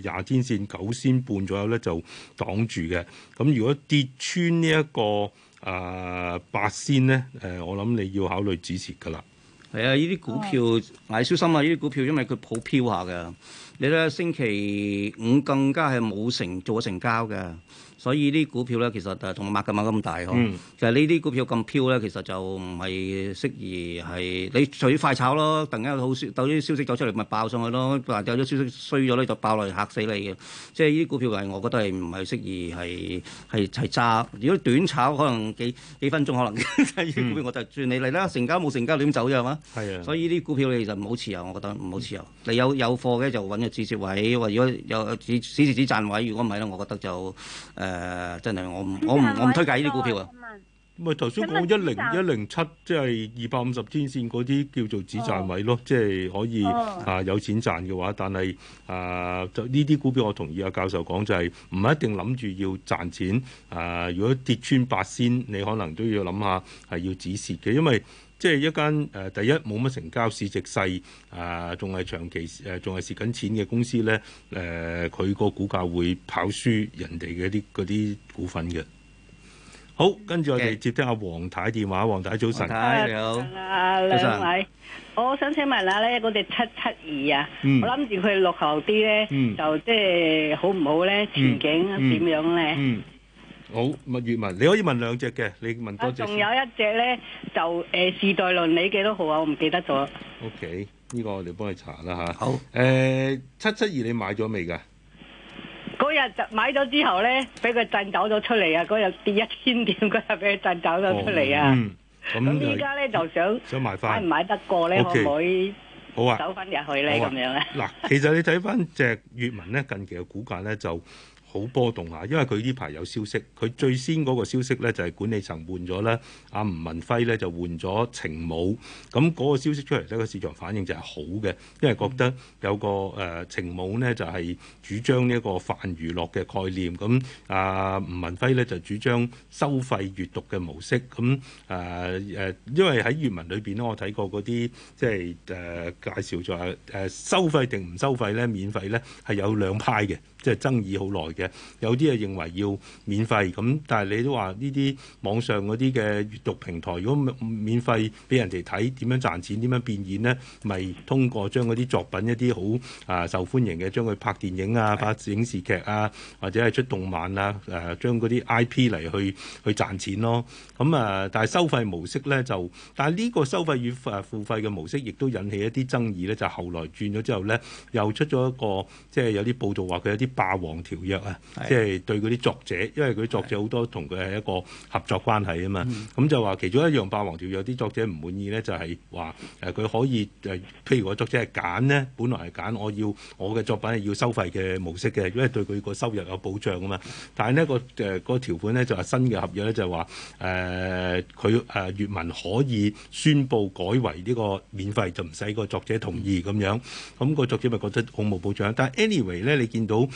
廿、呃、天線九仙半左右咧就擋住嘅。咁如果跌穿呢、呢、一個啊、呃、八仙咧，誒、呃、我諗你要考慮止蝕㗎啦。係啊，呢啲股票要、oh. 小心啊！呢啲股票因為佢好飄下㗎，你咧星期五更加係冇成做成交嘅。所以啲股票咧，其實誒同擘嘅冇咁大嗬。就係呢啲股票咁飄咧，其實就唔係適宜係你隨快炒咯。突然間有啲消，消息走出嚟，咪爆上去咯。嗱，有啲消息衰咗咧，就爆落嚟嚇死你嘅。即係呢啲股票係，我覺得係唔係適宜係係係揸。如果短炒，可能幾幾分鐘可能呢啲、嗯、 股票，我就轉你嚟啦。成交冇成交，你點走啫？係嘛的？係啊。所以呢啲股票你其實唔好持有，我覺得唔好持有。嗯、你有有貨嘅就揾個止蝕位，或站位如果有止止蝕止賺位，如果唔係咧，我覺得就誒。呃誒、呃，真係我唔我唔我唔推介呢啲股票啊！咪頭先講一零一零七，即係二百五十天線嗰啲叫做止賺位咯，即、就、係、是、可以啊、呃、有錢賺嘅話，但係啊、呃、就呢啲股票我同意阿教授講，就係唔一定諗住要賺錢啊、呃！如果跌穿八仙，你可能都要諗下係要止蝕嘅，因為。即係一間誒，第一冇乜成交，市值細，啊，仲係長期誒，仲係蝕緊錢嘅公司咧。誒、啊，佢個股價會跑輸人哋嘅啲嗰啲股份嘅。好，跟住我哋接聽下黃太電話。黃太早晨，你好，早晨安，兩位，我想請問下咧，嗰隻七七二啊，嗯、我諗住佢落後啲咧，嗯、就即係好唔好咧？前景點樣咧？嗯嗯嗯好，咪閱文，你可以問兩隻嘅，你問多隻。仲有一隻咧，就誒時代鄰里幾多號啊？我唔記得咗。O K，呢個我哋幫你查啦嚇。好。誒，七七二你買咗未㗎？嗰日就買咗之後咧，俾佢震走咗出嚟啊！嗰日跌一千點，嗰日俾佢震走咗出嚟啊！咁依家咧就想想買翻，買唔買得過咧？可唔可以？好啊，走翻入去咧咁樣咧。嗱，其實你睇翻隻閱文咧，近期嘅股價咧就，好波動啊！因為佢呢排有消息，佢最先嗰個消息咧就係管理層換咗咧，阿吳文輝咧就換咗程武。咁嗰個消息出嚟呢個市場反應就係好嘅，因為覺得有個誒程武咧就係主張呢一個泛娛樂嘅概念。咁阿、呃、吳文輝咧就主張收費閱讀嘅模式。咁誒誒，因為喺閱文裏邊咧，我睇過嗰啲即係誒介紹就係、是、誒、呃、收費定唔收費咧，免費咧係有兩派嘅。即係爭議好耐嘅，有啲係認為要免費咁，但係你都話呢啲網上嗰啲嘅閱讀平台，如果免費俾人哋睇，點樣賺錢？點樣變現呢？咪通過將嗰啲作品一啲好啊受歡迎嘅，將佢拍電影啊、拍影視劇啊，或者係出動漫啊，誒將嗰啲 IP 嚟去去賺錢咯。咁啊，但係收費模式咧就，但係呢個收費與付費嘅模式亦都引起一啲爭議咧。就後來轉咗之後咧，又出咗一個即係有啲報道話佢有啲。霸王條約啊，即係對嗰啲作者，因為佢作者好多同佢係一個合作關係啊嘛，咁、啊、就話其中一樣霸王條約，有啲作者唔滿意咧，就係話誒佢可以誒、呃，譬如個作者係揀呢，本來係揀我要我嘅作品係要收費嘅模式嘅，因為對佢個收入有保障啊嘛。但係呢、個誒、呃個條款咧就話新嘅合約咧就係話誒佢誒閱文可以宣佈改為呢個免費，就唔使個作者同意咁樣，咁、嗯個作者咪覺得好冇保障。但係 anyway 咧，你見到。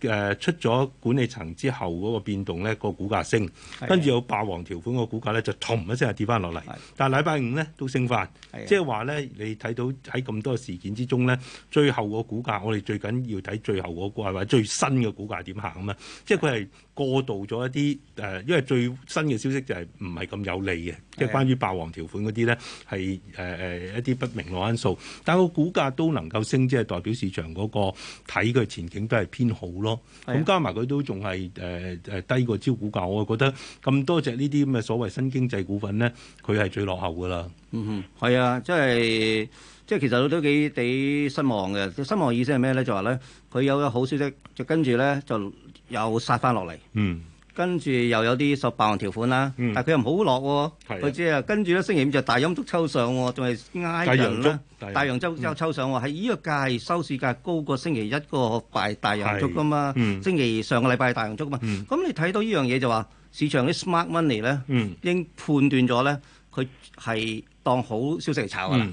誒出咗管理層之後嗰個變動咧，個股價升，跟住是的 有霸王條款個股價咧就嘭一聲係跌翻落嚟。但係禮拜五咧都升翻，是的 即係話咧你睇到喺咁多事件之中咧，最後個股價我哋最緊要睇最後嗰個或者最新嘅股價點行啊嘛？即係佢係過渡咗一啲誒、呃，因為最新嘅消息就係唔係咁有利嘅，是的 即係關於霸王條款嗰啲咧係誒誒一啲不明朗因素，但係個股價都能夠升，即係代表市場嗰、那個睇佢前景都係偏好。咁加埋佢都仲係誒誒低過招股價，我覺得咁多隻呢啲咁嘅所謂新經濟股份咧，佢係最落後㗎喇。嗯嗯，係啊，即係即係其實都幾幾失望嘅。失望意思係咩咧？就話咧，佢有個好消息，就跟住咧就又殺翻落嚟。嗯。跟住又有啲十八項條款啦，但係佢又唔好落，佢即係跟住咧星期五就大陽燭抽上喎，仲係挨人啦。大陽燭之後抽上喎，係呢個價係收市價高過星期一個拜大陽燭噶嘛。星期上個禮拜係大陽燭嘛。咁你睇到呢樣嘢就話市場啲 smart money 咧，已經判斷咗咧，佢係當好消息炒噶啦。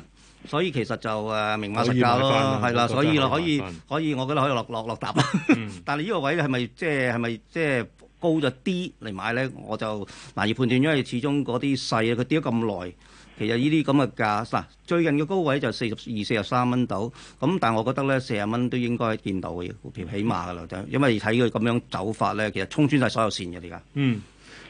所以其實就誒明碼實價咯，係啦，所以可以可以，我覺得可以落落落踏。但係呢個位係咪即係係咪即係？高咗啲嚟買咧，我就難以判斷這這，啊，因為始終嗰啲細啊，佢跌咗咁耐，其實呢啲咁嘅價嗱，最近嘅高位就四十二、四十三蚊到，咁但係我覺得咧，四十蚊都應該見到嘅，起碼嘅啦，就因為睇佢咁樣走法咧，其實衝穿晒所有線嘅而家。嗯。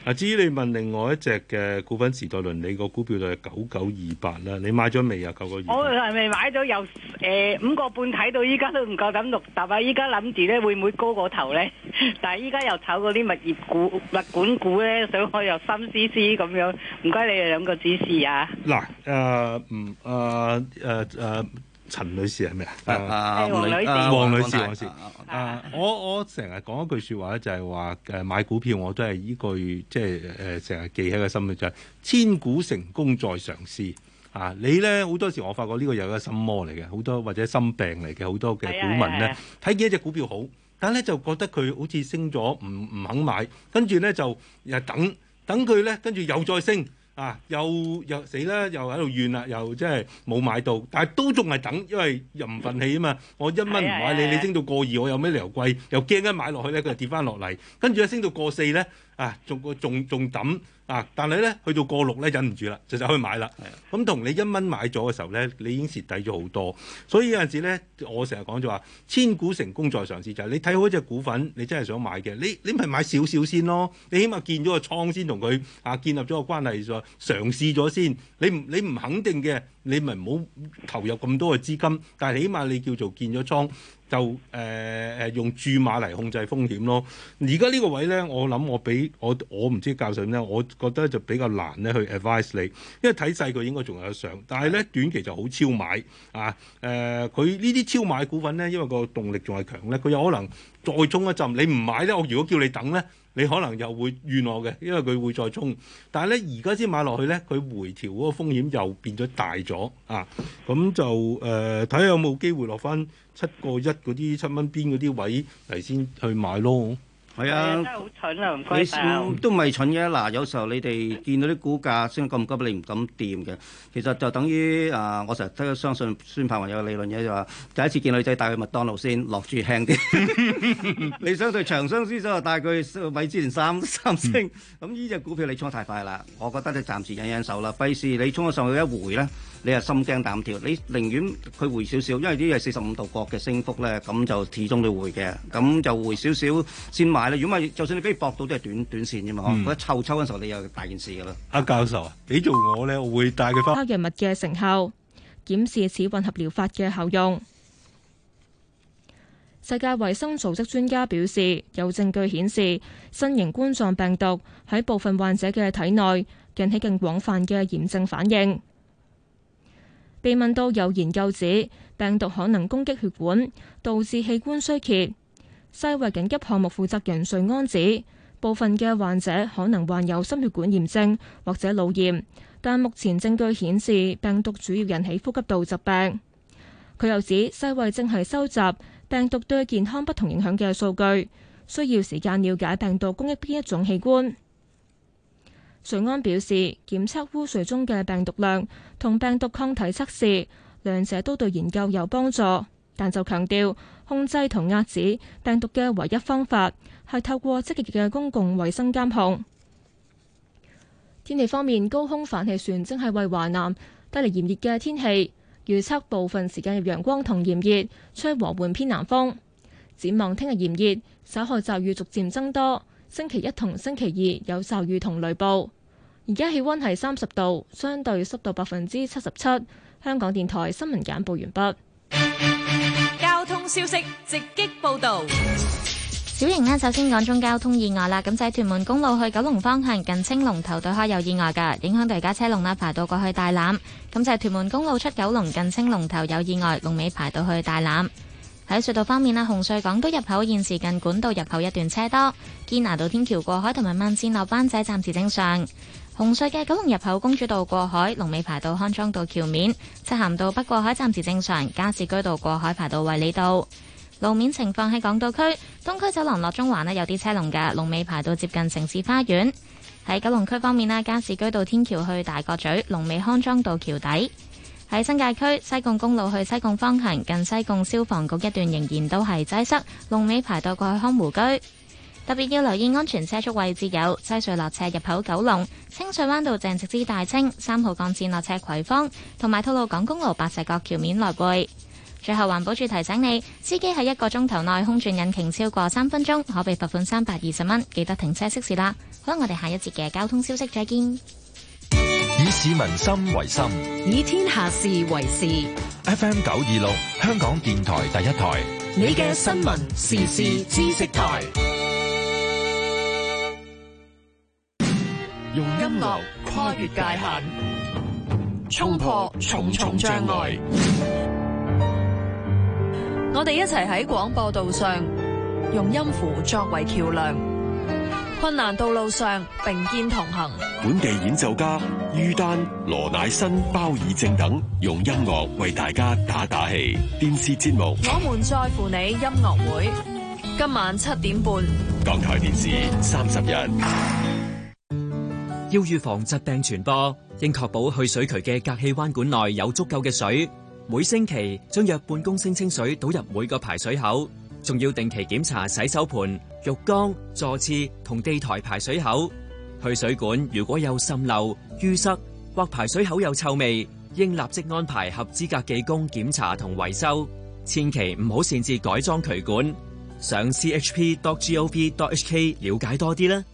啊！至於你問另外一隻嘅股份時代鄰里，你個股票就係九九二八啦。你買咗未啊？九九二？我係咪買咗，由、呃、誒五個半睇到依家都唔夠膽六達啊！依家諗住咧會唔會高過頭咧？但係依家又炒嗰啲物業股、物管股咧，所以我又心思思咁樣。唔該，你哋兩個指示啊！嗱，誒唔誒誒誒。呃呃呃呃呃陳女士係咩啊？係黃女士。黃女士，我先。啊，我我成日講一句説話咧，就係話誒買股票我都係依句，即係誒成日記喺個心裏就係千古成功在嘗試啊！你咧好多時我發覺呢個有一個心魔嚟嘅，好多或者心病嚟嘅好多嘅股民咧，睇見一隻股票好，但係咧就覺得佢好似升咗，唔唔肯買，跟住咧就又等等佢咧，跟住又再升。啊！又又死啦！又喺度怨啦！又即係冇買到，但係都仲係等，因為又唔忿氣啊嘛！我一蚊唔買你，你升到過二，我有咩理由貴？又驚一買落去咧，佢就跌翻落嚟，跟住一升到過四咧，啊！仲個仲仲抌。啊！但係咧，去到過六咧，忍唔住啦，就就去買啦。咁同的、嗯、你一蚊買咗嘅時候咧，你已經蝕底咗好多。所以有陣時咧，我成日講就話，千古成功在嘗試，就係、是、你睇好一隻股份，你真係想買嘅，你你咪買少少先咯。你起碼建咗個倉先，同佢啊建立咗個關係，嘗試咗先。你唔你唔肯定嘅，你咪唔好投入咁多嘅資金。但係起碼你叫做建咗倉。就誒誒，呃，用注碼嚟控制風險咯。而家呢個位咧，我諗我俾我我唔知教授點咧，我覺得就比較難咧去 advise 你，因為睇晒佢應該仲有得上，但係咧短期就好超買啊。誒，呃，佢呢啲超買股份咧，因為個動力仲係強咧，佢有可能再衝一陣。你唔買咧，我如果叫你等咧。你可能又會怨我嘅，因為佢會再衝。但係咧，而家先買落去咧，佢回調嗰個風險又變咗大咗啊！咁就誒、呃、睇下有冇機會落返七個一嗰啲七蚊邊嗰啲位嚟先去買咯。係啊，真係好蠢啊！唔該、嗯、都唔係蠢嘅嗱。有時候你哋見到啲股價升咁急，你唔敢掂嘅。其實就等於啊、呃，我成日都相信孫柏文有個理論嘅，就話、是、第一次見女仔帶佢麥當勞先，落住輕啲。 你相對長生資產帶佢去米芝蓮三三星，咁呢隻股票你衝得太快啦。我覺得你暫時忍忍手啦，費事你衝咗上去一回咧。你係心驚膽跳，你寧願佢回少少，因為呢啲係四十五度角嘅升幅咧，咁就始終都會嘅，咁就回少少先買啦。如果唔係，就算你俾佢搏到都係短短線啫嘛。嗬，嗰啲湊抽嗰陣時候，你又大件事噶啦。阿教授啊，俾做我咧，我會帶佢翻。黑藥物嘅成效檢視，此混合療法嘅效用。世界衞生組織專家表示，有證據顯示新型冠狀病毒喺部分患者嘅體內引起更廣泛嘅炎症反應。被問到有研究指病毒可能攻擊血管，導致器官衰竭，世衛緊急項目負責人瑞安指，部分嘅患者可能患有心血管炎症或者腦炎，但目前證據顯示病毒主要引起呼吸道疾病。佢又指，世衛正係收集病毒對健康不同影響嘅數據，需要時間了解病毒攻擊邊一種器官。瑞安表示，檢測污水中嘅病毒量同病毒抗體測試，兩者都對研究有幫助，但就強調控制同壓止病毒嘅唯一方法係透過積極嘅公共衛生監控。天氣方面，高空反氣旋正係為華南帶嚟炎熱嘅天氣，預測部分時間有陽光同炎熱，吹和緩偏南風。展望聽日炎熱，稍後驟雨逐漸增多。星期一同星期二有驟雨同雷暴。而家氣溫係三十度，相對濕度百分之七十七。香港電台新聞簡報完畢。交通消息直擊報道。小型呢，首先講中交通意外啦。咁就係屯門公路去九龍方向近青龍頭對開有意外噶，影響到而家車龍啦，排到過去大欖。咁就屯門公路出九龍近青龍頭有意外，龍尾排到去大欖。喺隧道方面啊，紅隧港島入口現時近管道入口一段車多，堅拿道天橋過海同埋慢線落班仔暫時正常。紅隧嘅九龍入口公主道過海龍尾排到康莊道橋面，漆咸道北過海暫時正常。加士居道過海排到衛理道。路面情況，喺港島區東區走廊落中環呢有啲車龍嘅，龍尾排到接近城市花園。喺九龍區方面呢，加士居道天橋去大角咀龍尾康莊道橋底。喺新界區西貢公路去西貢方向，近西貢消防局一段仍然都係擠塞，塞，龍尾排到過去康湖居。特別要留意安全車速位置有西隧落斜入口、九龍清水灣道正直支大清、三號幹線落斜葵芳，同埋吐露港公路白石角橋面來回。最後，環保處提醒你，司機喺一個鐘頭內空轉引擎超過三分鐘，可被罰款三百二十蚊。記得停車熄匙啦。好啦，我哋下一節嘅交通消息，再見。以市民心為心，以天下事為事。FM 九二六，香港電台第一台，你嘅新聞時事知識台，用音樂跨越界限，衝破重重障礙。我哋一齊喺廣播道上，用音符作為橋樑。困難道路上並肩同行，本地演奏家于丹、羅乃新、包爾正等用音樂為大家打打氣。電視節目我們在乎你音樂會今晚七點半，港台電視三十日。要預防疾病傳播，應確保去水渠嘅隔氣彎管內有足夠嘅水。每星期將約半公升清水倒入每個排水口。仲要定期檢查洗手盆、浴缸、坐廁同地台排水口。去水管如果有滲漏、淤塞或排水口有臭味，應立即安排合資格技工檢查同維修。千祈唔好擅自改裝渠管。上 chp.gov.hk 了解多啲啦。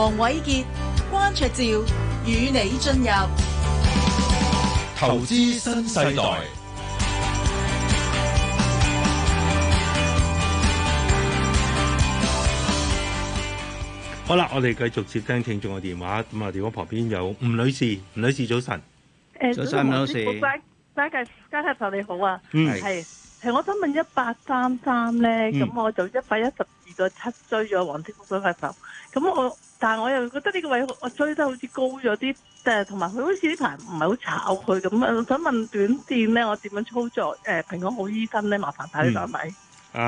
黃瑋傑、關焯照與你進入投資新世代。好啦，我哋繼續接聽聽眾嘅電話。咁啊，電話旁邊有吳女士，吳女士早晨。早晨，吳女晨士，吳生，吳你好啊。嗯，係。係，我想問一百三三咧，咁我就一百一十二個七追咗黃天福嘅快咁我，但係我又覺得呢個位我追得好似高咗啲，誒同埋佢好似呢排唔係好炒佢咁啊！想問短線咧，我點樣操作？誒平安好醫生咧，麻煩睇呢單咪。啊、嗯！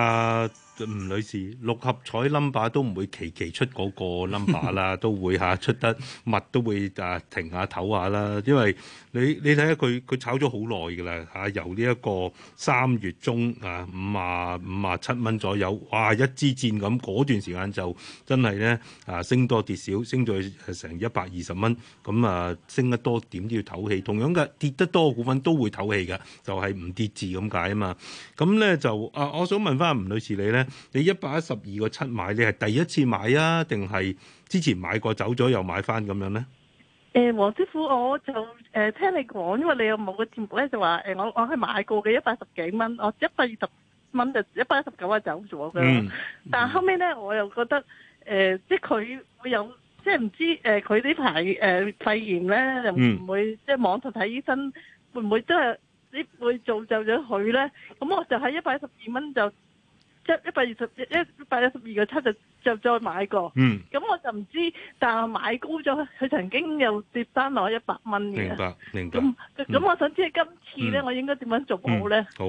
呃吳女士，六合彩 number 都唔會期期出嗰個 number 啦， 都會吓出得物都會啊停下唞下啦，因為你你睇下佢佢炒咗好耐嘅啦吓，由呢一個三月中啊五啊五啊七蚊左右，哇一支箭咁段時間就真係咧啊，升多跌少，升咗成、啊、升一百二十蚊，咁啊升得多點都要唞氣，同樣嘅跌得多嘅股份都會唞氣嘅，就係、是、唔跌字咁解啊嘛，咁咧就啊我想問翻吳女士你咧。1 你一百一十二個七買，你係第一次買啊？定係之前買過走咗又買翻咁樣咧？誒，黃師傅，我就誒、呃、聽你講，因為你有冇個店鋪咧就話，誒、呃、我我去買過嘅一百十幾蚊，我一百二十蚊就一百一十九啊走咗噶。嗯。但後尾咧，我又覺得誒、呃，即係佢會有即係唔知誒，佢呢排誒肺炎咧，又唔會、嗯、即係網上睇醫生，會唔會都係啲會造就咗佢咧？咁我就喺一百一十二蚊就。即一百二十一一百一十二個七就就再買過，咁、嗯、我就唔知。但係買高咗，佢曾經又跌翻落一百蚊嘅。明白，明白。咁那、嗯、我想知今次咧，我應該點樣做好咧、嗯嗯？好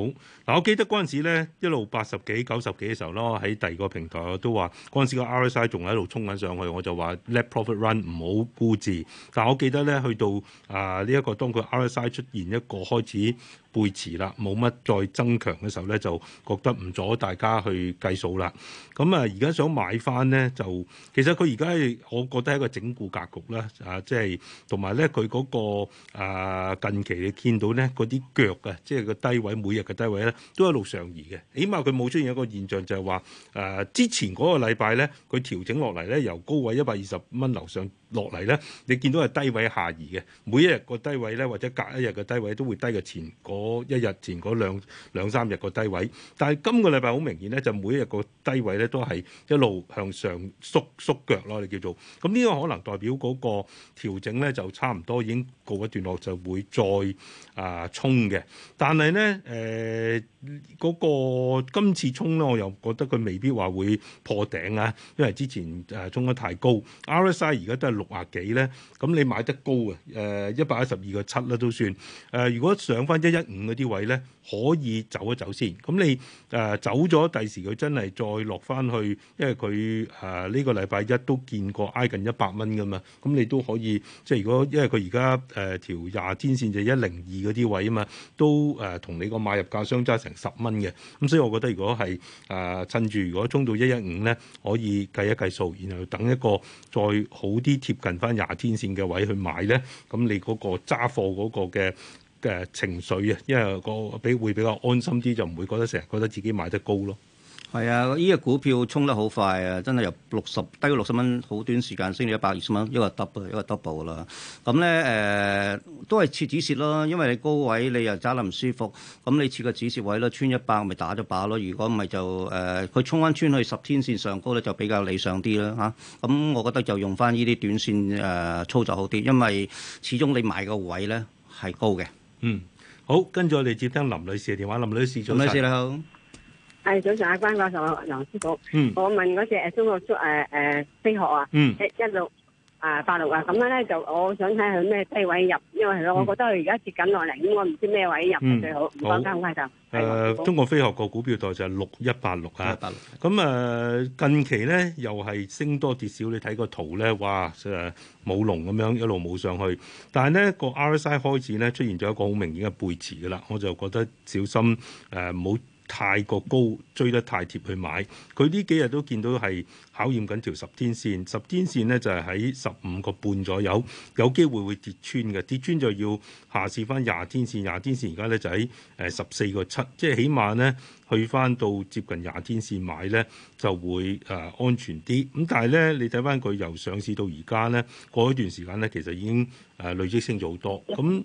嗱，我記得嗰陣時咧，一路八十幾、九十幾嘅時候咯，喺第二個平台我都話，嗰陣時個 RSI 仲喺度衝緊上去，我就話 let profit run 唔好沽置。」但我記得咧，去到啊呢一個當佢 RSI 出現一個開始背馳啦，冇乜再增強嘅時候咧，就覺得唔阻大家。去計數啦，咁啊而家想買翻咧，就其實佢而家係我覺得係一個整固格局啦，啊即係同埋咧，佢嗰個、啊、近期你見到咧，嗰啲腳啊，即係個低位每日嘅低位咧，都一路上移嘅，起碼佢冇出現一個現象，就係話誒之前嗰個禮拜咧，佢調整落嚟咧，由高位一百二十蚊樓上，落嚟咧，你見到係低位下移嘅，每一日個低位咧，或者隔一日嘅低位都會低過前嗰一日前嗰兩兩三日個低位。但係今個禮拜好明顯咧，就每一日個低位咧都係一路向上縮縮腳咯，你叫做咁呢個可能代表嗰個調整咧就差唔多已經告一段落，就會再啊衝嘅。但係咧，誒、呃。嗰、那個今次衝咧，我又覺得佢未必話會破頂啊，因為之前誒衝得太高，RSI 而家都係六啊幾咧，咁你買得高啊，誒一百一十二個七啦都算，誒、呃、如果上翻一一五嗰啲位咧，可以走一走先。咁你誒、呃、走咗，第時佢真係再落翻去，因為佢誒呢個禮拜一都見過挨近一百蚊噶嘛，咁你都可以即係如果因為佢而家誒條廿天線就一零二嗰啲位啊嘛，都誒同、呃、你個買入價相差成十蚊嘅，咁、嗯、所以我覺得如果係誒、呃、趁住，如果衝到一一五咧，可以計一計數，然後等一個再好啲貼近翻廿天綫嘅位去買咧，咁你嗰個揸貨嗰個嘅嘅、呃、情緒啊，因為個比會比較安心啲，就唔會覺得成日覺得自己買得高咯。係啊！依、這個股票衝得好快啊，真係由六十低於六十蚊，好短時間升到一百二十蚊，一個 double，一個 double 啦。咁咧誒，都係切止蝕咯，因為你高位你又揸得唔舒服，咁你切個指蝕位咯，穿一百咪打咗靶咯。如果唔係就誒，佢衝翻穿去十天線上高咧，就比較理想啲啦嚇。咁、啊、我覺得就用翻呢啲短線誒、呃、操作好啲，因為始終你買個位咧係高嘅。嗯，好，跟住我哋接聽林女士嘅電話。林女士，林女士你好。係早上阿關教授梁師傅，嗯、我問嗰隻誒中國中誒誒飛鶴啊，一一路啊八六啊，咁咧就我想睇佢咩低位入，因為係咯，我覺得佢而家跌緊落嚟，咁我唔知咩位入、嗯、最好。唔該、嗯，關教授。誒好，中國飛鶴個股票代碼就係六一八六啊，八六。咁誒近期咧又係升多跌少，你睇個圖咧，哇誒舞龍咁樣一路冇上去，但係咧個 RSI 開始咧出現咗一個好明顯嘅背馳噶啦，我就覺得小心誒冇。呃太過高追得太貼去買，佢呢幾日都見到係考驗緊條十天線，十天線呢就係喺十五個半左右，有機會會跌穿嘅。跌穿就要下試翻廿天線，廿天線而家咧就喺誒十四個七，即係起碼呢。去翻到接近廿天線買咧，就會誒、呃、安全啲。咁但係咧，你睇翻佢由上市到而家咧，過一段時間咧，其實已經誒累積升咗好多。咁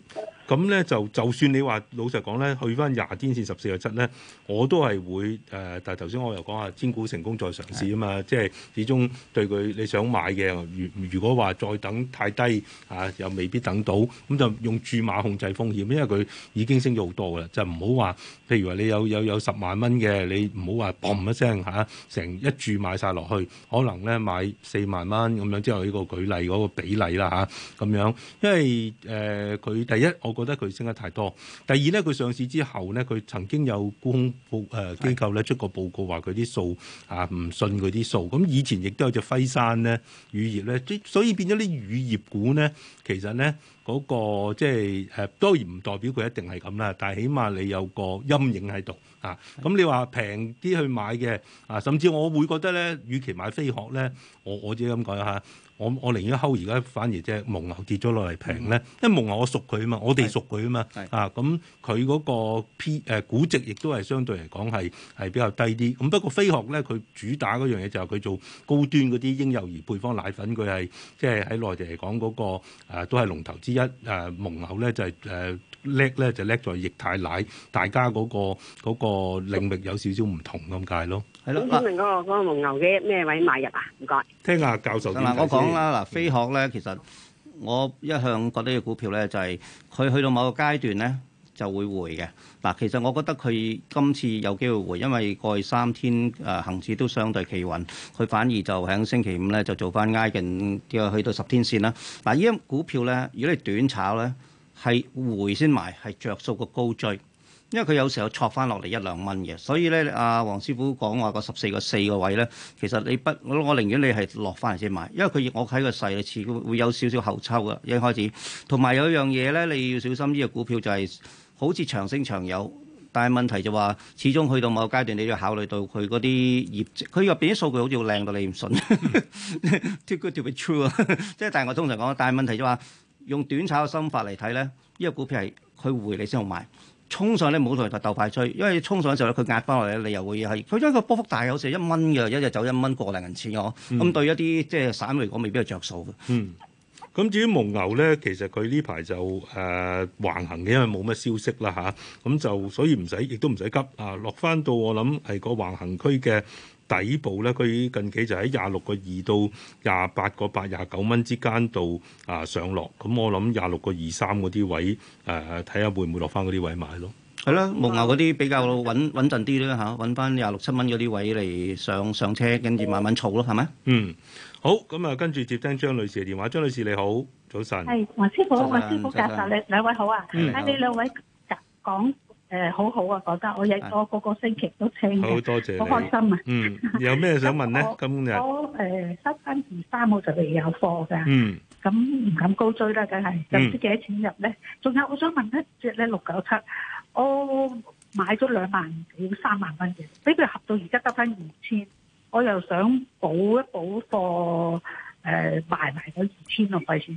咁咧就就算你話老實講咧，去翻廿天線十四個七咧，我都係會誒、呃。但係頭先我又講下，堅股成功再嘗試啊嘛，即係始終對佢你想買嘅。如如果話再等太低啊，又未必等到。咁就用注碼控制風險，因為佢已經升咗好多㗎，就唔好話譬如話你有有有十萬。蚊嘅，你唔好話嘣一聲嚇，成、啊、一注買晒落去，可能咧買四萬蚊咁樣，之後呢個舉例嗰、那個比例啦嚇，咁、啊、樣，因為誒佢、呃、第一，我覺得佢升得太多；第二咧，佢上市之後咧，佢曾經有沽空報誒、呃、機構咧出過報告話佢啲數啊唔信佢啲數。咁、啊啊、以前亦都有隻輝山咧，乳業咧，所以變咗啲乳業股咧，其實咧。嗰、那個即係誒，當然唔代表佢一定係咁啦，但係起碼你有個陰影喺度啊。咁你話平啲去買嘅啊，甚至我會覺得咧，與其買飛鶴咧，我我只係咁講吓。我我寧願睺而家反而即係蒙牛跌咗落嚟平咧，嗯、因為蒙牛我熟佢啊嘛，我哋熟佢啊嘛，啊咁佢嗰個 P 誒、呃、估值亦都係相對嚟講係係比較低啲。咁、嗯、不過飛鶴咧，佢主打嗰樣嘢就係佢做高端嗰啲嬰幼兒配方奶粉，佢係即係喺內地嚟講嗰個、呃、都係龍頭之一。誒蒙牛咧就係、是、誒。呃叻咧就叻在液態奶，大家嗰個嗰個領域有少少唔同咁解咯。咁今日嗰個嗰個蒙牛嘅咩位買入啊？唔該。聽下教授。嗱，我講啦，嗱飛鶴咧，其實我一向覺得嘅股票咧就係佢去到某個階段咧就會回嘅。嗱，其實我覺得佢今次有機會回，因為過去三天誒恆指都相對企穩，佢反而就喺星期五咧就做翻挨近嘅去到十天線啦。嗱，依啲股票咧，如果你短炒咧。係回先買係着數個高追，因為佢有時候挫翻落嚟一兩蚊嘅，所以咧阿、啊、黃師傅講話個十四個四個位咧，其實你不我我寧願你係落翻嚟先買，因為佢我睇個勢次會有少少後抽噶已經開始，同埋有一樣嘢咧你要小心呢、這個股票就係、是、好似長升長有，但係問題就話、是、始終去到某個階段你要考慮到佢嗰啲業績，佢入邊啲數據好似靚到你唔信、mm. ，too good to be true 啊！即係但係我通常講，但係問題就話、是。用短炒嘅心法嚟睇咧，呢、這個股票係佢回你先好買，衝上咧冇同人哋鬥快追，因為衝上嘅時候咧佢壓翻落嚟咧，你又會去佢將個波幅大有時一蚊嘅一日走一蚊過零銀錢嘅，咁、嗯、對一啲即係散戶嚟講未必係着數嘅。嗯，咁至於蒙牛咧，其實佢呢排就誒橫、呃、行嘅，因為冇乜消息啦嚇，咁、啊、就所以唔使亦都唔使急啊。落翻到我諗係個橫行區嘅。底部咧，佢近期就喺廿六個二到廿八個八、廿九蚊之間度啊上落。咁我諗廿六個二三嗰啲位，誒睇下會唔會落翻嗰啲位買咯。係啦，蒙牛嗰啲比較穩穩陣啲啦嚇，揾翻廿六七蚊嗰啲位嚟上上車，跟住慢慢儲咯，係咪？嗯，好，咁啊跟住接聽張女士嘅電話。張女士你好，早晨。係，黃師傅，黃師傅教授，你兩位好啊。嗯，你兩位講。誒、呃、好好啊，覺得我喺我個個星期都清。好多謝，好開心啊！ 嗯，有咩想問咧？今日天我誒收翻二三，我、呃、3, 2, 3就未有貨嘅。嗯，咁唔、嗯、敢高追啦，梗係，咁唔知幾多錢入咧。仲有我想問一隻咧六九七，6, 9, 7, 我買咗兩萬幾三萬蚊嘅，畀佢合到而家得翻二千，我又想補一補貨，誒、呃、賣埋嗰二千六嚟先，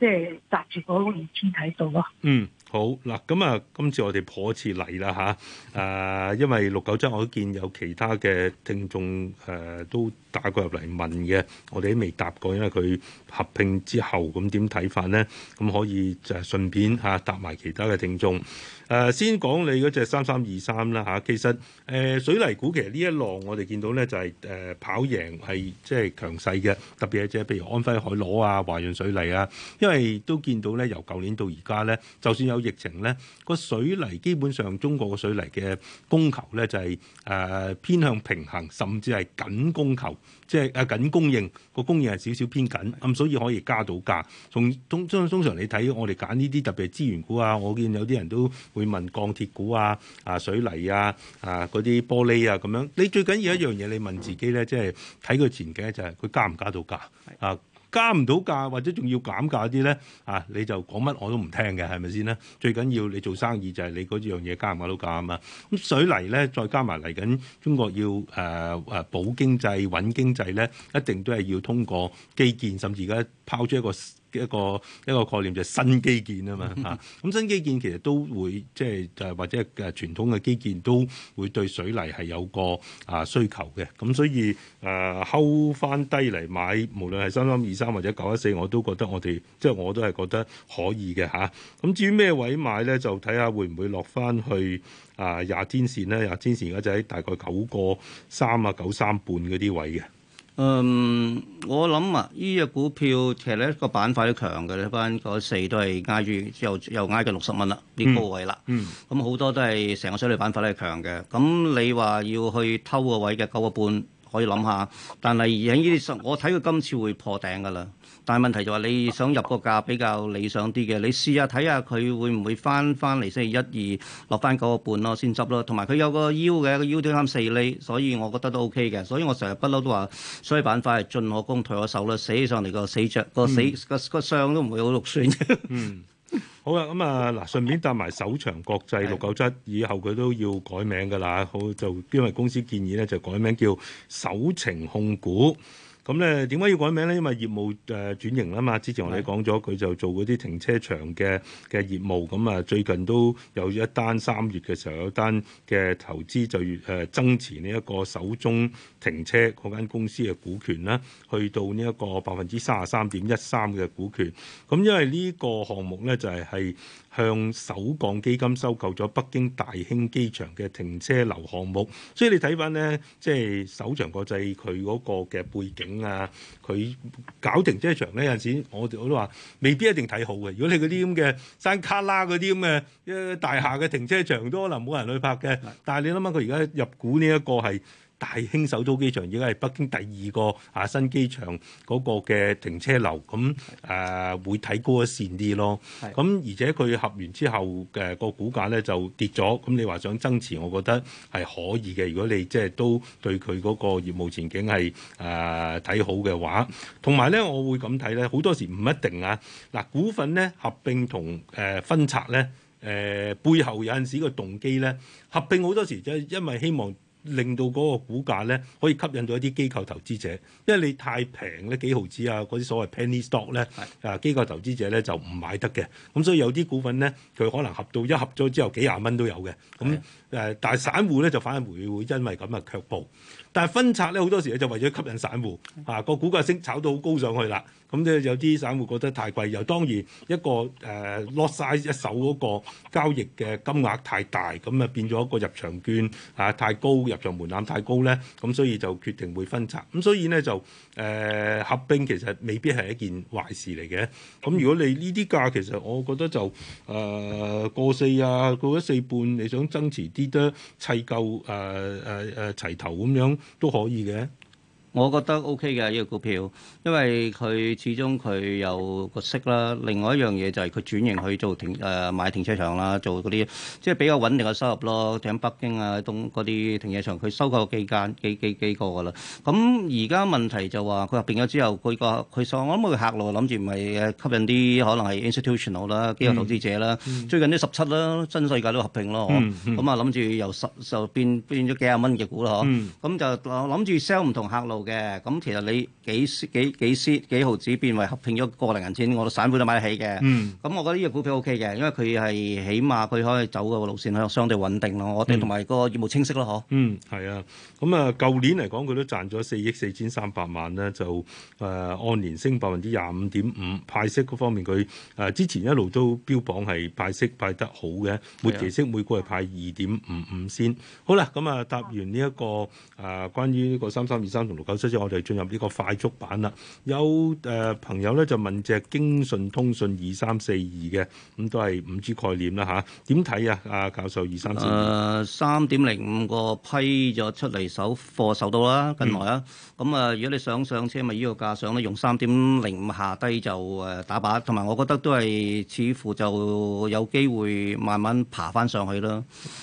即係紮住嗰二千睇到咯。嗯。好嗱，咁啊，今次我哋破次例啦吓，誒、啊，因為六九七我都見有其他嘅聽眾誒、啊、都。打過入嚟問嘅，我哋都未答過，因為佢合併之後咁點睇法呢？咁可以就係順便嚇答埋其他嘅聽眾。誒、呃，先講你嗰隻三三二三啦嚇。其實誒、呃、水泥股其實呢一浪我哋見到咧就係、是、誒、呃、跑贏係即係強勢嘅，特別係即係譬如安徽海螺啊、華潤水泥啊，因為都見到咧由舊年到而家咧，就算有疫情咧，個水泥基本上中國個水泥嘅供求咧就係、是、誒、呃、偏向平衡，甚至係緊供求。即係緊供應，個供應係少少偏緊，咁所以可以加到價。從通，通通常你睇我哋揀呢啲特別資源股啊，我見有啲人都會問鋼鐵股啊、啊水泥啊、啊嗰啲玻璃啊咁樣。你最緊要一樣嘢，你問自己咧，即係睇佢前景就係佢加唔加到價啊。加唔到價或者仲要減價啲咧，啊你就講乜我都唔聽嘅，係咪先咧？最緊要你做生意就係你嗰樣嘢加唔到價啊嘛。咁水泥咧，再加埋嚟緊，中國要誒誒、呃、保經濟穩經濟咧，一定都係要通過基建，甚至而家，拋出一個一個一個概念就係、是、新基建 啊嘛嚇，咁新基建其實都會即係就係、是、或者誒傳統嘅基建都會對水泥係有個啊需求嘅，咁、啊、所以誒睺翻低嚟買，無論係三三二三或者九一四，我都覺得我哋即係我都係覺得可以嘅吓，咁、啊、至於咩位買咧，就睇下會唔會落翻去啊廿天線咧，廿天線而家就喺大概九個三啊九三半嗰啲位嘅。嗯，um, 我諗啊，呢、這、隻、個、股票其實咧、這個板塊都強嘅，呢班嗰四都係挨住又又挨咗六十蚊啦，啲高位啦，咁好、嗯嗯嗯、多都係成個水泥板塊都係強嘅，咁、嗯、你話要去偷個位嘅九個半可以諗下，但係而喺呢啲，我睇佢今次會破頂噶啦。但係問題就係你想入個價比較理想啲嘅，你試下睇下佢會唔會翻翻嚟，星期一二落翻九個半咯，先執咯。同埋佢有個腰嘅，個腰都三四厘，所以我覺得都 OK 嘅。所以我成日不嬲都話，所以板塊係進可攻退可守啦。死起上嚟個死着，個死、嗯、個傷都唔會六算、嗯、好肉酸嘅。嗯，好啦，咁啊嗱，順便搭埋首長國際六九七，以後佢都要改名㗎啦。好就因為公司建議咧，就改名叫首程控股。咁咧，點解要改名咧？因為業務誒、呃、轉型啦嘛。之前我哋講咗佢就做嗰啲停車場嘅嘅業務。咁啊，最近都有一單三月嘅時候有一單嘅投資就要，就誒增持呢一個手中停車嗰間公司嘅股權啦，去到呢一個百分之三十三點一三嘅股權。咁因為呢個項目咧就係係。向首鋼基金收購咗北京大興機場嘅停車樓項目，所以你睇翻咧，即係首長國際佢嗰個嘅背景啊，佢搞停車場咧，有陣時我哋我都話未必一定睇好嘅。如果你嗰啲咁嘅山卡拉嗰啲咁嘅嘅大廈嘅停車場都可能冇人去拍嘅，但係你諗下佢而家入股呢一個係大興首都機場而家係北京第二個啊新機場嗰個嘅停車樓，咁誒、呃、會睇高一線啲咯。咁而且佢合完之後嘅個、呃、股價咧就跌咗，咁你話想增持，我覺得係可以嘅。如果你即係都對佢嗰個業務前景係誒睇好嘅話，同埋咧，我會咁睇咧，好多時唔一定啊。嗱，股份咧合併同誒、呃、分拆咧，誒、呃、背後有陣時個動機咧，合併好多時就係因為希望。令到嗰個股價咧可以吸引到一啲機構投資者，因為你太平咧幾毫子啊，嗰啲所謂 penny stock 咧，是的 啊機構投資者咧就唔買得嘅，咁所以有啲股份咧佢可能合到一合咗之後幾廿蚊都有嘅，咁、嗯、誒是的 但係散戶咧就反而會因為咁啊卻步，但係分拆咧好多時咧就為咗吸引散戶，啊個股價升炒到好高上去啦。咁咧、嗯、有啲散戶覺得太貴，又當然一個誒攞曬一手嗰個交易嘅金額太大，咁、嗯、啊變咗一個入場券啊太高，入場門檻太高咧，咁、嗯、所以就決定會分拆。咁、嗯、所以咧就誒、呃、合併其實未必係一件壞事嚟嘅。咁、嗯、如果你呢啲價其實我覺得就誒、呃、過四啊過咗四半，你想增持啲得砌夠誒誒誒齊頭咁樣都可以嘅。我覺得 O K 嘅呢個股票，因為佢始終佢有個息啦。另外一樣嘢就係佢轉型去做停誒買停車場啦，做嗰啲即係比較穩定嘅收入咯。喺北京啊、東嗰啲停車場，佢收購幾間幾幾幾個噶啦。咁而家問題就話佢合併咗之後，佢個佢想我諗佢嘅客路諗住咪吸引啲可能係 institutional 啦、機構投資者啦。最近呢十七啦，新世界都合併咯，咁啊諗住由十就變變咗幾廿蚊嘅股啦，咁就諗住 sell 唔同客路，嘅咁，其實你幾絲幾幾絲幾毫子變為合併咗個零銀錢，我散戶都買得起嘅。咁我覺得呢隻股票 OK 嘅，因為佢係起碼佢可以走個路線係相對穩定咯。我哋同埋個業務清晰咯，嗬。嗯，係啊。咁啊，舊年嚟講佢都賺咗四億四千三百萬咧，就誒按年升百分之廿五點五。派息嗰方面，佢誒之前一路都標榜係派息派得好嘅，末期息每股係派二點五五仙。好啦，咁啊答完呢一個誒關於呢個三三二三同六九。所以我哋進入呢個快速版啦。有誒、呃、朋友咧就問隻京信通訊二三四二嘅，咁都係五 G 概念啦吓，點睇啊？阿、啊啊、教授二三四二。誒三點零五個批咗出嚟首貨受到啦，近來啊。咁啊、嗯嗯嗯，如果你想上車咪依個價上咧，用三點零五下低就誒打靶。同埋我覺得都係似乎就有機會慢慢爬翻上去啦。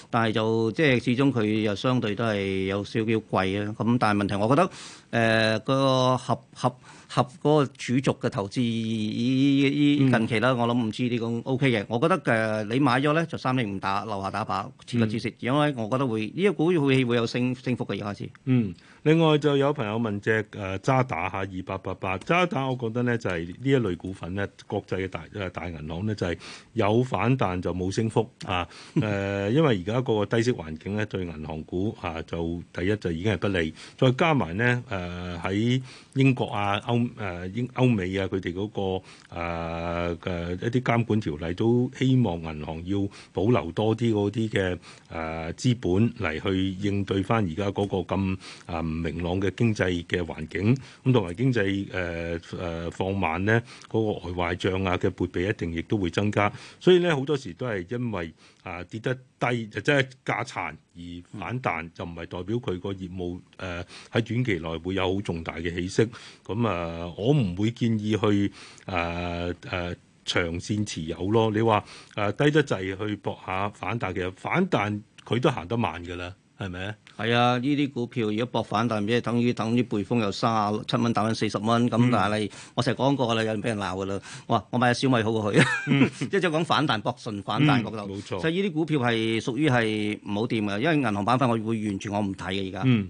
但係就即係始終佢又相對都係有少少貴啊。咁、啊、但係問題，我覺得。誒、呃那個合合合嗰個主軸嘅投資依近期啦，我諗唔知呢講 O K 嘅，我覺得誒你買咗咧就三零唔打，留下打靶，切力知識，因為我覺得會呢一股會會有升升幅嘅而家開始。嗯。另外就有朋友問隻誒、啊、渣打嚇、啊、二八八八渣打，我覺得咧就係、是、呢一類股份咧，國際嘅大誒大銀行咧就係、是、有反彈就冇升幅啊誒、啊，因為而家個低息環境咧對銀行股啊就第一就已經係不利，再加埋咧誒喺英國啊歐誒英、啊、歐美啊佢哋嗰個誒、啊啊、一啲監管條例都希望銀行要保留多啲嗰啲嘅誒資本嚟去應對返而家嗰個咁啊！啊啊啊唔明朗嘅經濟嘅環境，咁同埋經濟誒誒、呃、放慢咧，嗰、那個外壞賬啊嘅撥備一定亦都會增加，所以咧好多時都係因為啊跌得低即係價殘而反彈，嗯、就唔係代表佢個業務誒喺、呃、短期內會有好重大嘅起色。咁啊、呃，我唔會建議去誒誒、呃呃、長線持有咯。你話誒、呃、低得滯去搏下反彈，其實反彈佢都行得慢㗎啦。係咪啊？係啊！呢啲股票如果搏反彈，即係等於等於匯豐有三十七蚊，打緊四十蚊。咁、嗯、但係我成日講過啦，有人俾人鬧噶啦。哇！我買小米好過佢，即係講反彈博順反彈嗰度。冇、嗯、錯。就呢啲股票係屬於係唔好掂啊，因為銀行板塊我會完全我唔睇嘅而家。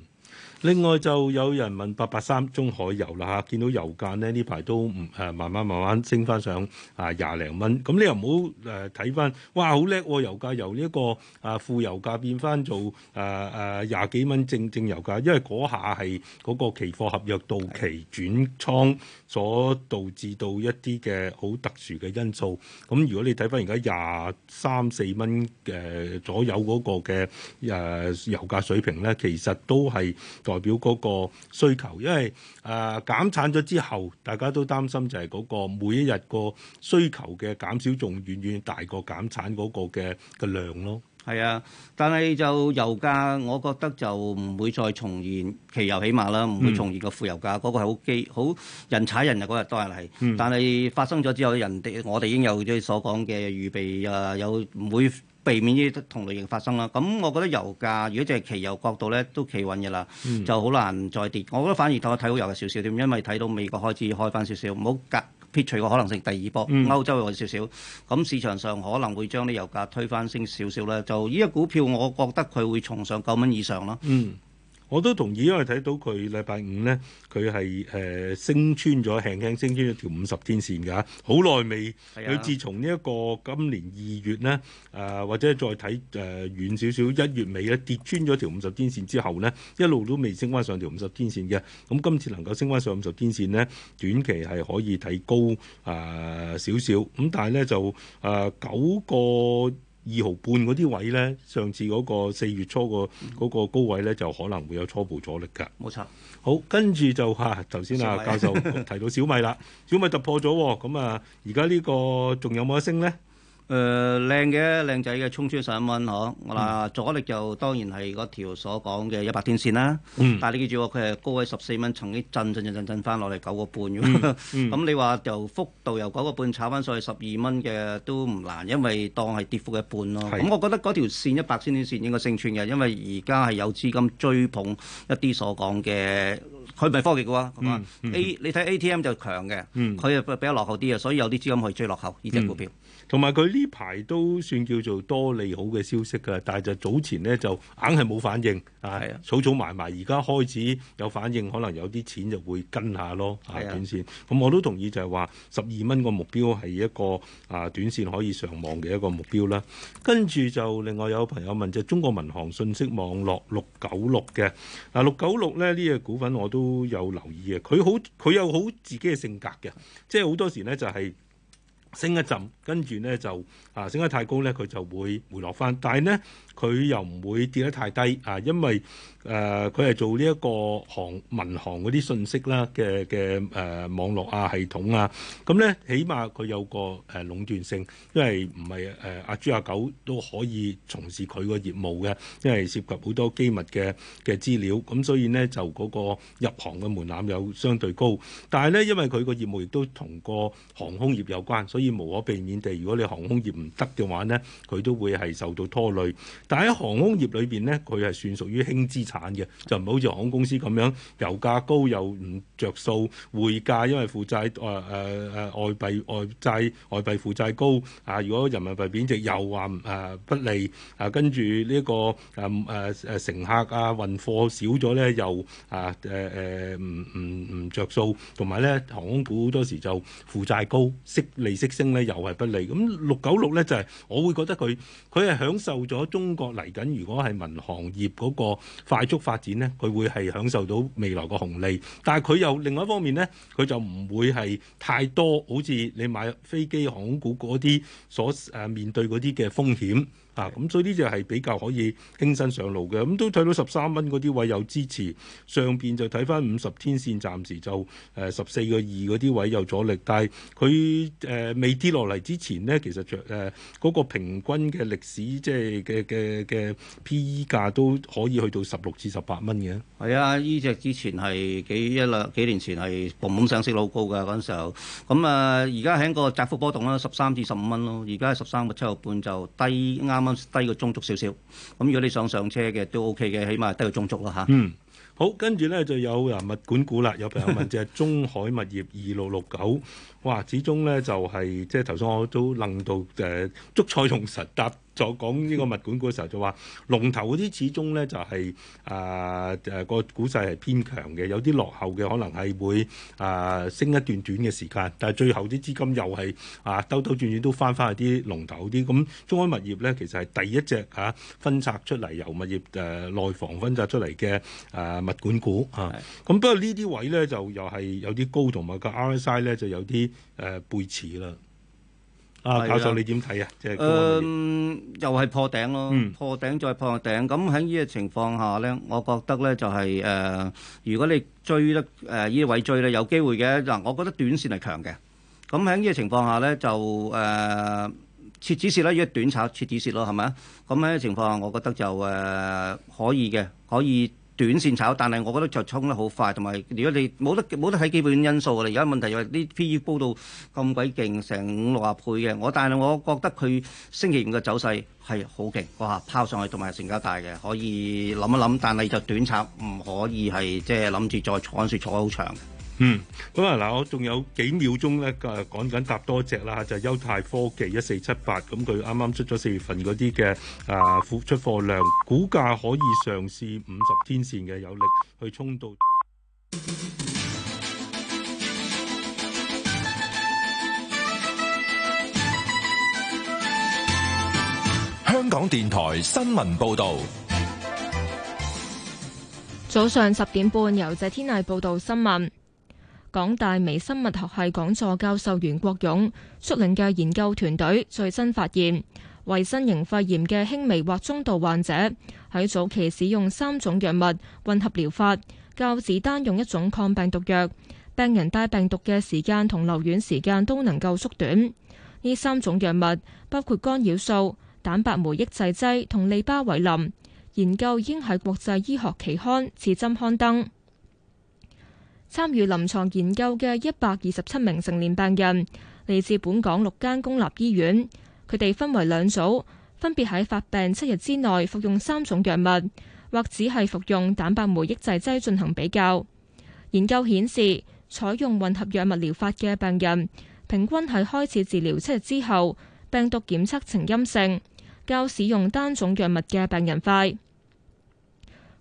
另外就有人問八八三中海油啦嚇、啊，見到油價呢呢排都唔誒、啊、慢慢慢慢升翻上啊廿零蚊。咁你又唔好誒睇翻，哇好叻、啊！油價由呢、這、一個啊負油價變翻做啊啊廿幾蚊正正油價，因為嗰下係嗰個期貨合約到期轉倉所導致到一啲嘅好特殊嘅因素。咁如果你睇翻而家廿三四蚊嘅左右嗰個嘅誒、啊、油價水平咧，其實都係，代表嗰個需求，因為誒減、呃、產咗之後大家都擔心就係嗰個每一日個需求嘅減少遠遠，仲遠遠大過減產嗰個嘅嘅量咯。係啊，但係就油價我覺得就唔會再重現期油，起碼啦，唔會重現副、嗯、個負油價嗰個係好機好人踩人又嗰日當然係，但係發生咗之後人哋我哋已經有啲所講嘅預備啊、呃，有唔會。避免呢啲同類型發生啦。咁我覺得油價如果就係期油角度咧，都企穩嘅啦，嗯、就好難再跌。我覺得反而我睇到油少少啲，因為睇到美國開始開返少少，唔好隔撇除個可能性第二波歐洲有少少。咁、嗯、市場上可能會將啲油價推返升少少咧。就呢隻股票，我覺得佢會重上九蚊以上啦。嗯嗯。我都同意，因為睇到佢禮拜五呢，佢係誒升穿咗，輕輕升穿咗條五十天線㗎，好耐未。佢的自從呢一個今年二月呢，誒、呃、或者再睇誒、呃、遠少少一月尾咧跌穿咗條五十天線之後呢，一路都未升翻上條五十天線嘅。咁今次能夠升翻上五十天線呢，短期係可以睇高誒、呃、少少。咁但係呢，就誒九、呃、個。二毫半嗰啲位咧，上次嗰個四月初個嗰高位咧，就可能會有初步阻力㗎。冇錯，好，跟住就嚇，頭先啊，啊米教授提到小米啦， 小米突破咗，咁啊，而家呢個仲有冇得升咧？誒，靚嘅靚仔嘅衝出十一蚊，嗬！我話阻力就當然係嗰條所講嘅一百天線啦。但係你記住，佢係高位十四蚊，曾經震震震震震翻落嚟九個半咁。你話由幅度由九個半，炒翻上去十二蚊嘅都唔難，因為當係跌幅一半咯。咁我覺得嗰條線一百天線應該勝出嘅，因為而家係有資金追捧一啲所講嘅，佢唔係科技嘅。A 你睇 ATM 就強嘅，佢比較落後啲嘅，所以有啲資金可以追落後呢隻股票。同埋佢呢排都算叫做多利好嘅消息噶，但係就早前呢就硬係冇反應，啊的，儲儲埋埋，埋，埋，而家開始有反應，可能有啲錢就會跟下咯，啊的，短線咁、嗯、我都同意就係話十二蚊個目標係一個啊短線可以上望嘅一個目標啦。跟住就另外有朋友問，就是、中國民航信息網絡六九六嘅嗱六九六呢，呢隻股份我都有留意嘅，佢好佢有好自己嘅性格嘅，即係好多時呢就係、是就。是升一陣，跟住呢就。啊，升得太高咧，佢就會回落翻。但係呢，佢又唔會跌得太低啊，因為誒佢係做呢一個行民航嗰啲信息啦嘅嘅誒網絡啊系統啊。咁、嗯、呢，起碼佢有個誒壟斷性，因為唔係誒阿豬阿、啊、狗都可以從事佢個業務嘅，因為涉及好多機密嘅嘅資料。咁、嗯、所以呢，就嗰個入行嘅門檻有相對高。但係呢，因為佢個業務亦都同個航空業有關，所以無可避免地，如果你航空業，唔得嘅話呢，佢都會係受到拖累。但喺航空業裏邊呢，佢係算屬於輕資產嘅，就唔好似航空公司咁樣，Yeah. 油價高又唔着數，匯價因為負債誒誒誒外幣外債外幣負債高啊！如果人民幣貶值又話誒不利啊，跟住呢個誒誒誒乘客啊運貨少咗咧又啊誒誒唔唔唔着數，同埋咧航空股好多時就負債高息利息升咧又係不利。咁六九六。咧就係，我會覺得佢佢係享受咗中國嚟緊，如果係民航業嗰個快速發展咧，佢會係享受到未來個紅利。但係佢又另外一方面咧，佢就唔會係太多，好似你買飛機航空股嗰啲所誒面對嗰啲嘅風險。啊，咁、嗯、所以呢隻係比較可以輕身上路嘅，咁、嗯、都睇到十三蚊嗰啲位有支持，上邊就睇翻五十天線，暫時就誒十四個二嗰啲位有阻力，但係佢誒未跌落嚟之前咧，其實着誒嗰個平均嘅歷史即係嘅嘅嘅 PE 價都可以去到十六至十八蚊嘅。係啊，呢隻之前係幾一兩幾年前係 boom 上升到好高嘅陣時候，咁啊而家喺個窄幅波動啦，十三至十五蚊咯，而家係十三個七毫半就低啱。啱啱低個中足少少，咁如果你想上車嘅都 O K 嘅，起碼低個中足啦吓。嗯，好，跟住咧就有物管股啦，有朋友問就係中海物業二六六九，哇，始終咧就係、是、即係頭先我都諗到誒，足彩用實達。我講呢個物管股嘅時候就話，龍頭嗰啲始終咧就係誒誒個股勢係偏強嘅，有啲落後嘅可能係會誒、呃、升一段短嘅時間，但係最後啲資金又係啊兜兜轉轉都翻翻去啲龍頭啲。咁中安物業咧其實係第一隻嚇、啊、分拆出嚟由物業誒、呃、內房分拆出嚟嘅誒物管股嚇。咁、啊、是不過呢啲位咧就又係有啲高同埋個 RSI 咧就有啲誒、呃、背刺啦。啊，教授你點睇啊？呃、即係是，呃、嗯，又係破頂咯，破頂再破頂。咁喺呢個情況下咧，我覺得咧就係、是、誒、呃，如果你追得誒依、呃、位追咧，有機會嘅嗱、呃。我覺得短綫係強嘅。咁喺呢個情況下咧，就誒，切止蝕咧，要短炒切止蝕咯，係咪啊？咁喺呢個情況下，我覺得就誒可以嘅，可以。可以短線炒，但係我覺得就衝得好快，同埋如果你冇得冇得睇基本因素啦。而家問題係啲 PE 煲到咁鬼勁，成五六十倍嘅。我但係我覺得佢星期五嘅走勢係好勁，哇拋上去同埋成交大嘅，可以諗一諗。但係就短炒唔可以係即係諗住再坐住坐好長。嗯，咁啊嗱，我仲有幾秒鐘咧，誒，趕緊搭多隻啦就就係優泰科技一四七八，咁佢啱啱出咗四月份嗰啲嘅誒庫出貨量，股價可以嘗試五十天線嘅有力去衝到。香港電台新聞報道，早上十點半由謝天麗報道新聞。港大微生物學系講座教授袁國勇率領嘅研究團隊最新發現，為新型肺炎嘅輕微或中度患者喺早期使用三種藥物混合療法，較只單用一種抗病毒藥，病人帶病毒嘅時間同留院時間都能夠縮短。呢三種藥物包括干擾素、蛋白酶抑制劑同利巴韋林。研究已經喺國際醫學期刊《刺針》刊登。參與臨床研究嘅一百二十七名成年病人，嚟自本港六間公立醫院。佢哋分為兩組，分別喺發病七日之內服用三種藥物，或只係服用蛋白酶抑制劑進行比較。研究顯示，採用混合藥物療法嘅病人，平均喺開始治療七日之後，病毒檢測呈陰性，較使用單種藥物嘅病人快。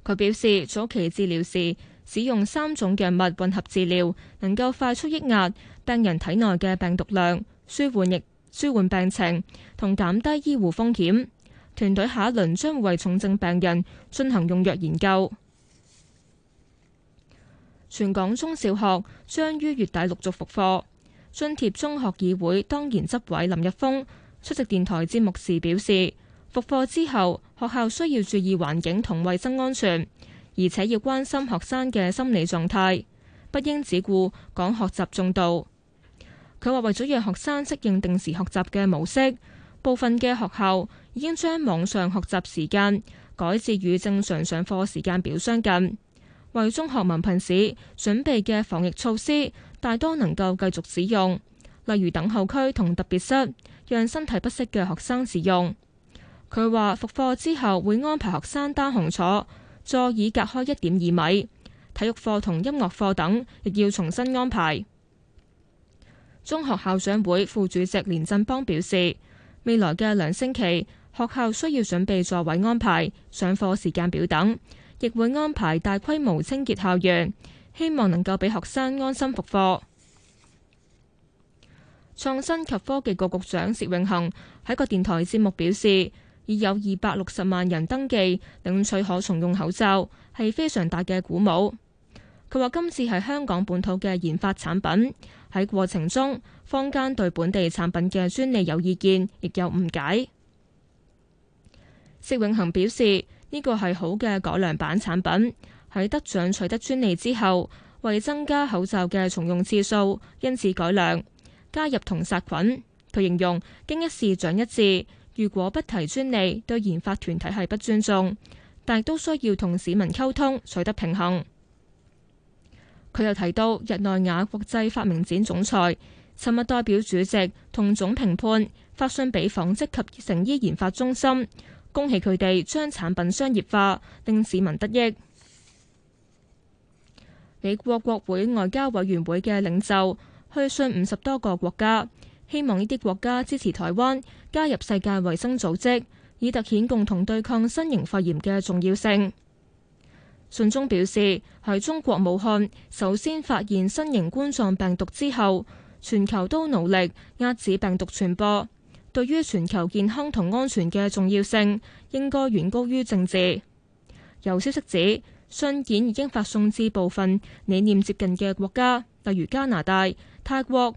佢表示，早期治療時，使用三種藥物混合治療，能夠快速抑壓病人體內嘅病毒量，舒緩亦舒緩病情，同減低醫護風險。團隊下一輪將為重症病人進行用藥研究。全港中小學將於月底陸續復課。津貼中學議會當然執委林日豐出席電台節目時表示，復課之後學校需要注意環境同衛生安全。而且要關心學生嘅心理狀態，不應只顧講學習進度。佢話為咗讓學生適應定時學習嘅模式，部分嘅學校已經將網上學習時間改至與正常上課時間表相近。為中學文憑試準備嘅防疫措施，大多能夠繼續使用，例如等候區同特別室，讓身體不適嘅學生使用。佢話復課之後會安排學生單行坐。座椅隔開一點二米，體育課同音樂課等亦要重新安排。中學校長會副主席連振邦表示，未來嘅兩星期，學校需要準備座位安排、上課時間表等，亦會安排大規模清潔校園，希望能夠俾學生安心復課。創新及科技局局長薛永恒喺個電台節目表示。已有二百六十萬人登記領取可重用口罩，係非常大嘅鼓舞。佢話今次係香港本土嘅研發產品，喺過程中，坊間對本地產品嘅專利有意見，亦有誤解。薛永恆表示呢、這個係好嘅改良版產品，喺得獎取得專利之後，為增加口罩嘅重用次數，因此改良加入同殺菌。佢形容經一事長一智。如果不提專利，對研發團體係不尊重，但都需要同市民溝通，取得平衡。佢又提到，日內瓦國際發明展總裁尋日代表主席同總評判發信俾紡織及成衣研發中心，恭喜佢哋將產品商業化，令市民得益。美國國會外交委員會嘅領袖去信五十多個國家。希望呢啲國家支持台灣加入世界衛生組織，以突顯共同對抗新型肺炎嘅重要性。信中表示，喺中國武漢首先發現新型冠狀病毒之後，全球都努力遏止病毒傳播。對於全球健康同安全嘅重要性，應該遠高於政治。有消息指信件已經發送至部分理念接近嘅國家，例如加拿大、泰國、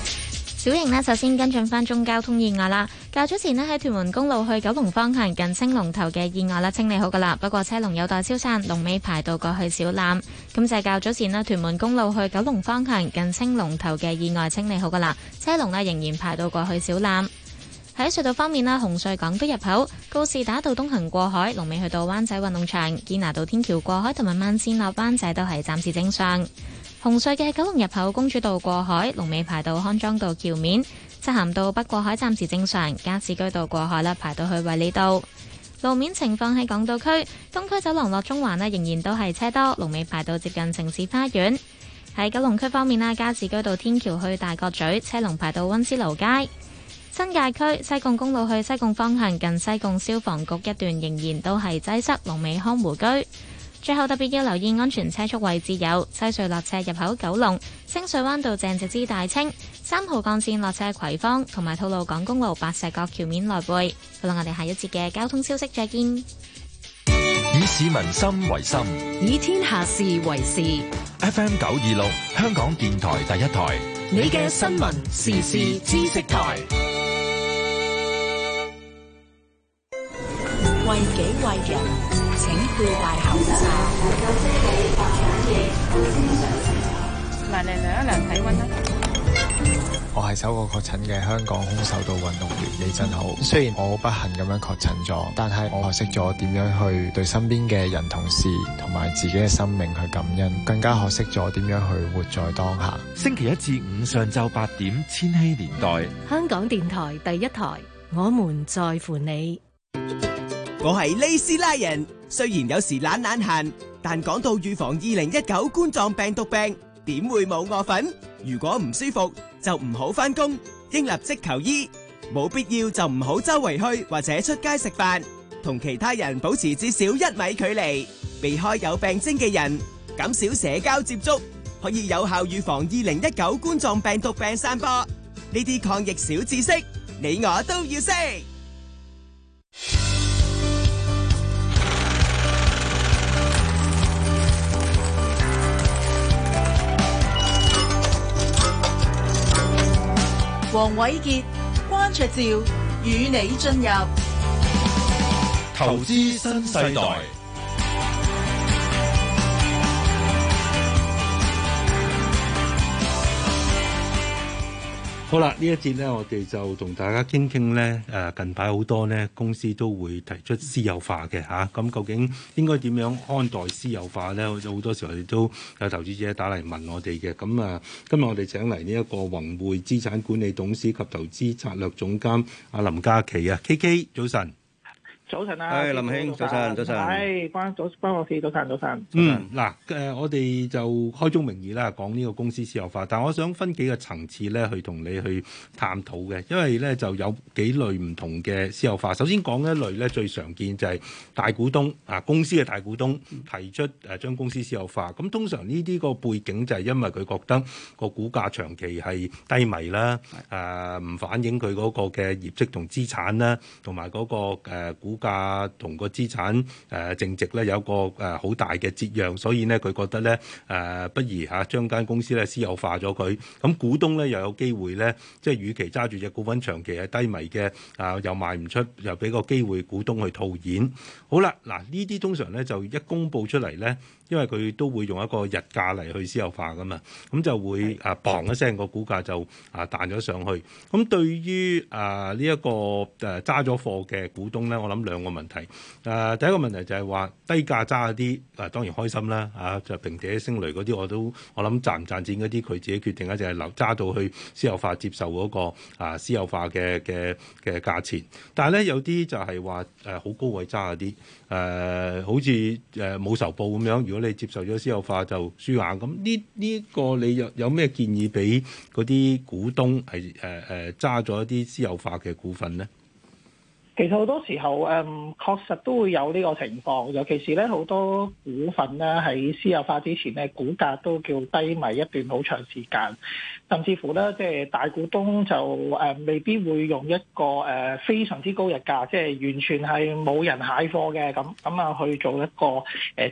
小型呢，首先跟進翻中交通意外啦。較早前呢，喺屯門公路去九龍方向近青龍頭嘅意外啦，清理好噶啦。不過車龍有待消散，龍尾排到過去小欖。咁就係較早前咧屯門公路去九龍方向近青龍頭嘅意外清理好噶啦，車龍呢，仍然排到過去小欖。喺隧道方面啦，紅隧港島入口、告士打道東行過海、龍尾去到灣仔運動場、堅拿道天橋過海同埋慢線落灣仔都係暫時正常。紅隧嘅九龍入口公主道過海，龍尾排到康莊道橋面；漆咸道北過海暫時正常，加士居道過海啦，排到去維里道。路面情況喺港島區，東區走廊落中環呢仍然都係車多，龍尾排到接近城市花園。喺九龍區方面啦，加士居道天橋去大角咀，車龍排到温思勞街。新界區西貢公路去西貢方向，近西貢消防局一段仍然都係擠塞，龍尾康湖居。最後特別要留意安全車速位置，有西隧落車入口、九龍清水灣道正直之大清、三號幹線落車葵芳、同埋吐露港公路白石角橋面來回。好啦，我哋下一節嘅交通消息再見。以市民心為心，以天下事為事。F M 九二六香港電台第一台，你嘅新聞時事知識台，為己為人。請佩戴口罩。有車你確診嘅，非常自豪。唔係，量一量體温啦。我係首個確診嘅香港空手道運動員李振豪。雖然我好不幸咁樣確診咗，但係我學識咗點樣去對身邊嘅人、同事同埋自己嘅生命去感恩，更加學識咗點樣去活在當下。星期一至五上晝八點，千禧年代香港電台第一台，我們在乎你。我係 Lacy Lion。雖然有時懶懶閒，但講到預防二零一九冠狀病毒病，點會冇我份？如果唔舒服，就唔好返工，應立即求醫。冇必要就唔好周圍去或者出街食飯，同其他人保持至少一米距離，避開有病徵嘅人，減少社交接觸，可以有效預防二零一九冠狀病毒病散播。呢啲抗疫小知識，你我都要識。黃瑋傑、關焯照與你進入投資新世代。好啦，呢一節呢，我哋就同大家傾傾呢，誒近排好多呢公司都會提出私有化嘅嚇，咁、啊、究竟應該點樣看待私有化呢？好似好多時候，我哋都有投資者打嚟問我哋嘅，咁啊，今日我哋請嚟呢一個宏匯資產管理董事及投資策略總監阿林嘉琪啊，K K，早晨。早晨啊，係林兄，早晨，早晨，係關早關老師，早晨，早晨。嗯，嗱，誒，我哋就開宗明義啦，講呢個公司私有化，但係我想分幾個層次咧，去同你去探討嘅，因為咧就有幾類唔同嘅私有化。首先講一類咧，最常見就係大股東啊，公司嘅大股東提出誒將公司私有化。咁通常呢啲個背景就係因為佢覺得個股價長期係低迷啦，誒、啊、唔反映佢嗰個嘅業績同資產啦，同埋嗰個誒股。價同個資產誒淨值咧有一個誒好大嘅折讓，所以呢，佢覺得咧誒，不如嚇將間公司咧私有化咗佢，咁股東咧又有機會咧，即係與其揸住隻股份長期係低迷嘅，啊又賣唔出，又俾個機會股東去套現好。好啦，嗱呢啲通常咧就一公佈出嚟咧。因為佢都會用一個日價嚟去私有化噶嘛，咁就會啊嘭一聲個股價就啊彈咗上去。咁對於啊呢一個誒揸咗貨嘅股東咧，我諗兩個問題，誒第一個問題就係話低價揸啲，誒當然開心啦，啊就平地勝雷嗰啲我都我諗賺唔賺錢嗰啲佢自己決定啊，就係留揸到去私有化接受嗰個啊私有化嘅嘅嘅價錢。但係咧有啲就係話誒好高位揸嗰啲。誒、呃、好似誒冇仇報咁樣，如果你接受咗私有化就輸硬咁，呢呢、呢個你有有咩建議俾嗰啲股東係誒誒揸咗一啲私有化嘅股份呢？其實好多時候誒、嗯，確實都會有呢個情況，尤其是咧好多股份咧喺私有化之前咧，股價都叫低迷一段好長時間。甚至乎咧，即係大股東就誒未必會用一個誒非常之高溢價，即係完全係冇人蟹貨嘅咁咁啊，去做一個誒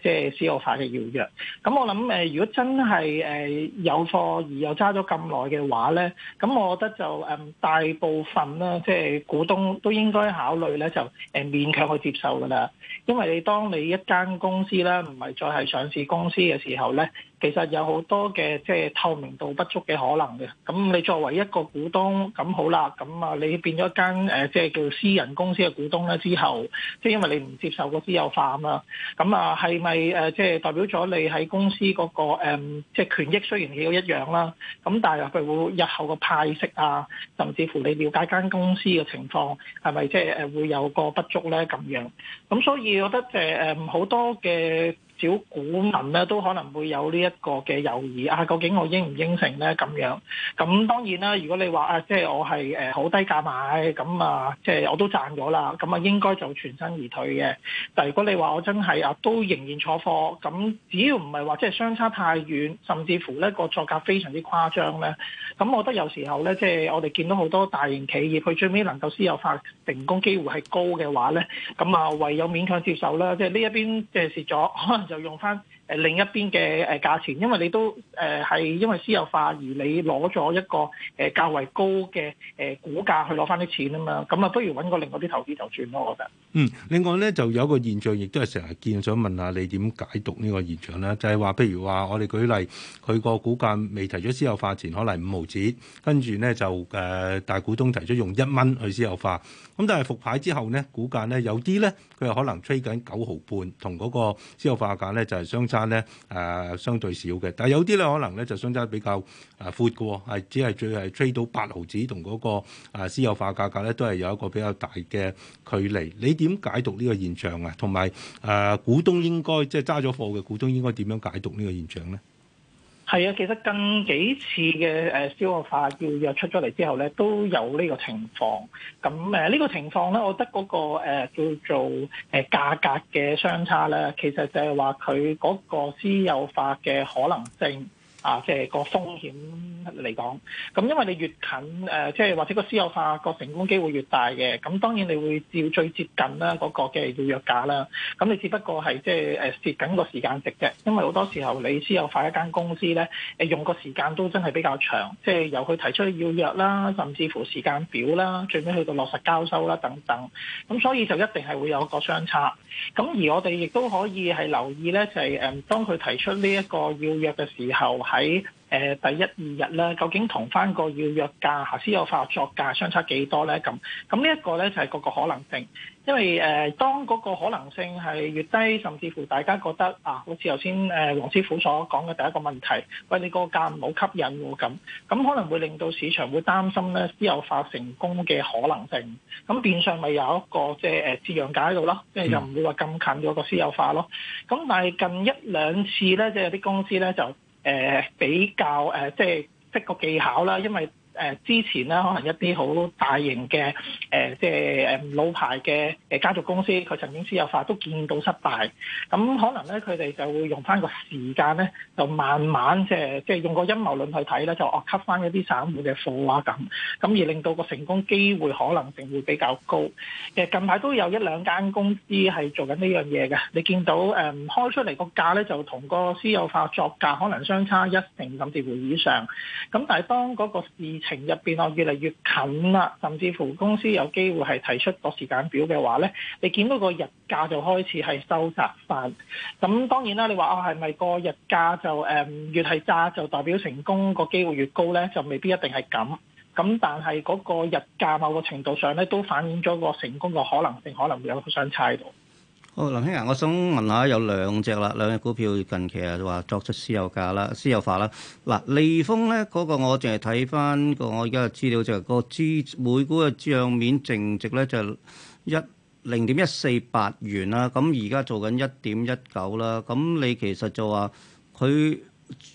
即係私有化嘅要約。咁我諗誒，如果真係誒有貨而又揸咗咁耐嘅話咧，咁我覺得就誒大部分啦，即係股東都應該考慮咧，就誒勉強去接受㗎啦。因為你當你一間公司咧唔係再係上市公司嘅時候咧。其實有好多嘅即係透明度不足嘅可能嘅，咁你作為一個股東咁好啦，咁啊你變咗間誒即係叫私人公司嘅股東咧之後，即係因為你唔接受個私有化嘛。咁啊係咪誒即係代表咗你喺公司嗰個誒即係權益雖然你要一樣啦，咁但係佢會日後個派息啊，甚至乎你了解間公司嘅情況係咪即係誒會有個不足咧咁樣，咁所以我覺得誒誒好多嘅。少股民咧都可能會有呢一個嘅猶豫啊，究竟我應唔應承咧咁樣？咁當然啦，如果你話啊，即係我係誒好低價買咁啊，即係我都賺咗啦，咁啊應該就全身而退嘅。但係如果你話我真係啊都仍然坐貨，咁、啊、只要唔係話即係相差太遠，甚至乎咧個作價非常之誇張咧，咁、啊、我覺得有時候咧，即係我哋見到好多大型企業，佢最尾能夠私有化成功機會係高嘅話咧，咁啊唯有勉強接受啦。即係呢一邊即係蝕咗，可能。就用翻。誒另一邊嘅誒價錢，因為你都誒係因為私有化而你攞咗一個誒較為高嘅誒股價去攞翻啲錢啊嘛，咁啊不如搵個另外啲投資就轉咯，我覺得。嗯，另外咧就有個現象，亦都係成日見，想問下你點解讀呢個現象咧？就係話譬如話我哋舉例，佢個股價未提咗私有化前可能五毫紙，跟住咧就誒大股東提出用一蚊去私有化，咁但係復牌之後咧股價咧有啲咧佢係可能吹緊九毫半，同嗰個私有化價咧就係相差，咧誒相對少嘅，但係有啲咧可能咧就相差比較誒闊嘅，係只係最係吹到八毫子同嗰個私有化價格咧，都係有一個比較大嘅距離。你點解讀呢個現象啊？同埋誒股東應該即係揸咗貨嘅股東應該點樣解讀呢個現象咧？係啊，其實近幾次嘅誒私有化要約出咗嚟之後咧，都有呢個情況。咁誒呢個情況咧，我覺得嗰、那個、呃、叫做誒價格嘅相差咧，其實就係話佢嗰個私有化嘅可能性。啊，即係個風險嚟講，咁因為你越近誒，即係或者個私有化個成功機會越大嘅，咁當然你會照最接近啦嗰個嘅要約價啦。咁你只不過係即係誒蝕緊個時間值啫，因為好多時候你私有化一間公司咧，誒用個時間都真係比較長，即係由佢提出要約啦，甚至乎時間表啦，最尾去到落實交收啦等等。咁所以就一定係會有一個相差。咁而我哋亦都可以係留意咧，就係誒當佢提出呢一個要約嘅時候。喺誒第一二日咧，究竟同翻個要約價吓私有化作價相差幾多咧？咁咁呢一個咧就係嗰個可能性，因為誒當嗰個可能性係越低，甚至乎大家覺得啊，好似頭先誒黃師傅所講嘅第一個問題，喂你個價唔好吸引喎，咁咁可能會令到市場會擔心咧私有化成功嘅可能性，咁變相咪有一個即係折讓價喺度咯，即係又唔會話咁近嗰個私有化咯。咁但係近一兩次咧，即係有啲公司咧就。誒、呃，比較誒、呃，即係識個技巧啦，因為。誒之前咧，可能一啲好大型嘅誒，即係誒老牌嘅誒家族公司，佢曾經私有化都見到失敗。咁可能咧，佢哋就會用翻個時間咧，就慢慢即係即係用個陰謀論去睇咧，就哦吸翻一啲散戶嘅貨啊咁，咁而令到個成功機會可能性會比較高。其實近排都有一兩間公司係做緊呢樣嘢嘅，你見到誒、呃、開出嚟個價咧，就同個私有化作價可能相差一成甚至乎以上，咁但係當嗰個市場入邊啊越嚟越近啦，甚至乎公司有機會係提出個時間表嘅話咧，你見到個溢價就開始係收窄返。咁當然啦，你話啊係咪個溢價就誒、嗯、越係窄就代表成功個機會越高咧？就未必一定係咁。咁但係嗰個溢價某個程度上咧，都反映咗個成功個可能性，可能會有相差到。哦，林兄啊，我想問下有兩隻，有兩隻啦，兩隻股票近期啊話作出私有價啦、私有化啦。嗱，利豐咧嗰個我我，我淨係睇翻個，我而家嘅資料就個支每股嘅賬面淨值咧就一零點一四八元啦。咁而家做緊一點一九啦。咁你其實就話佢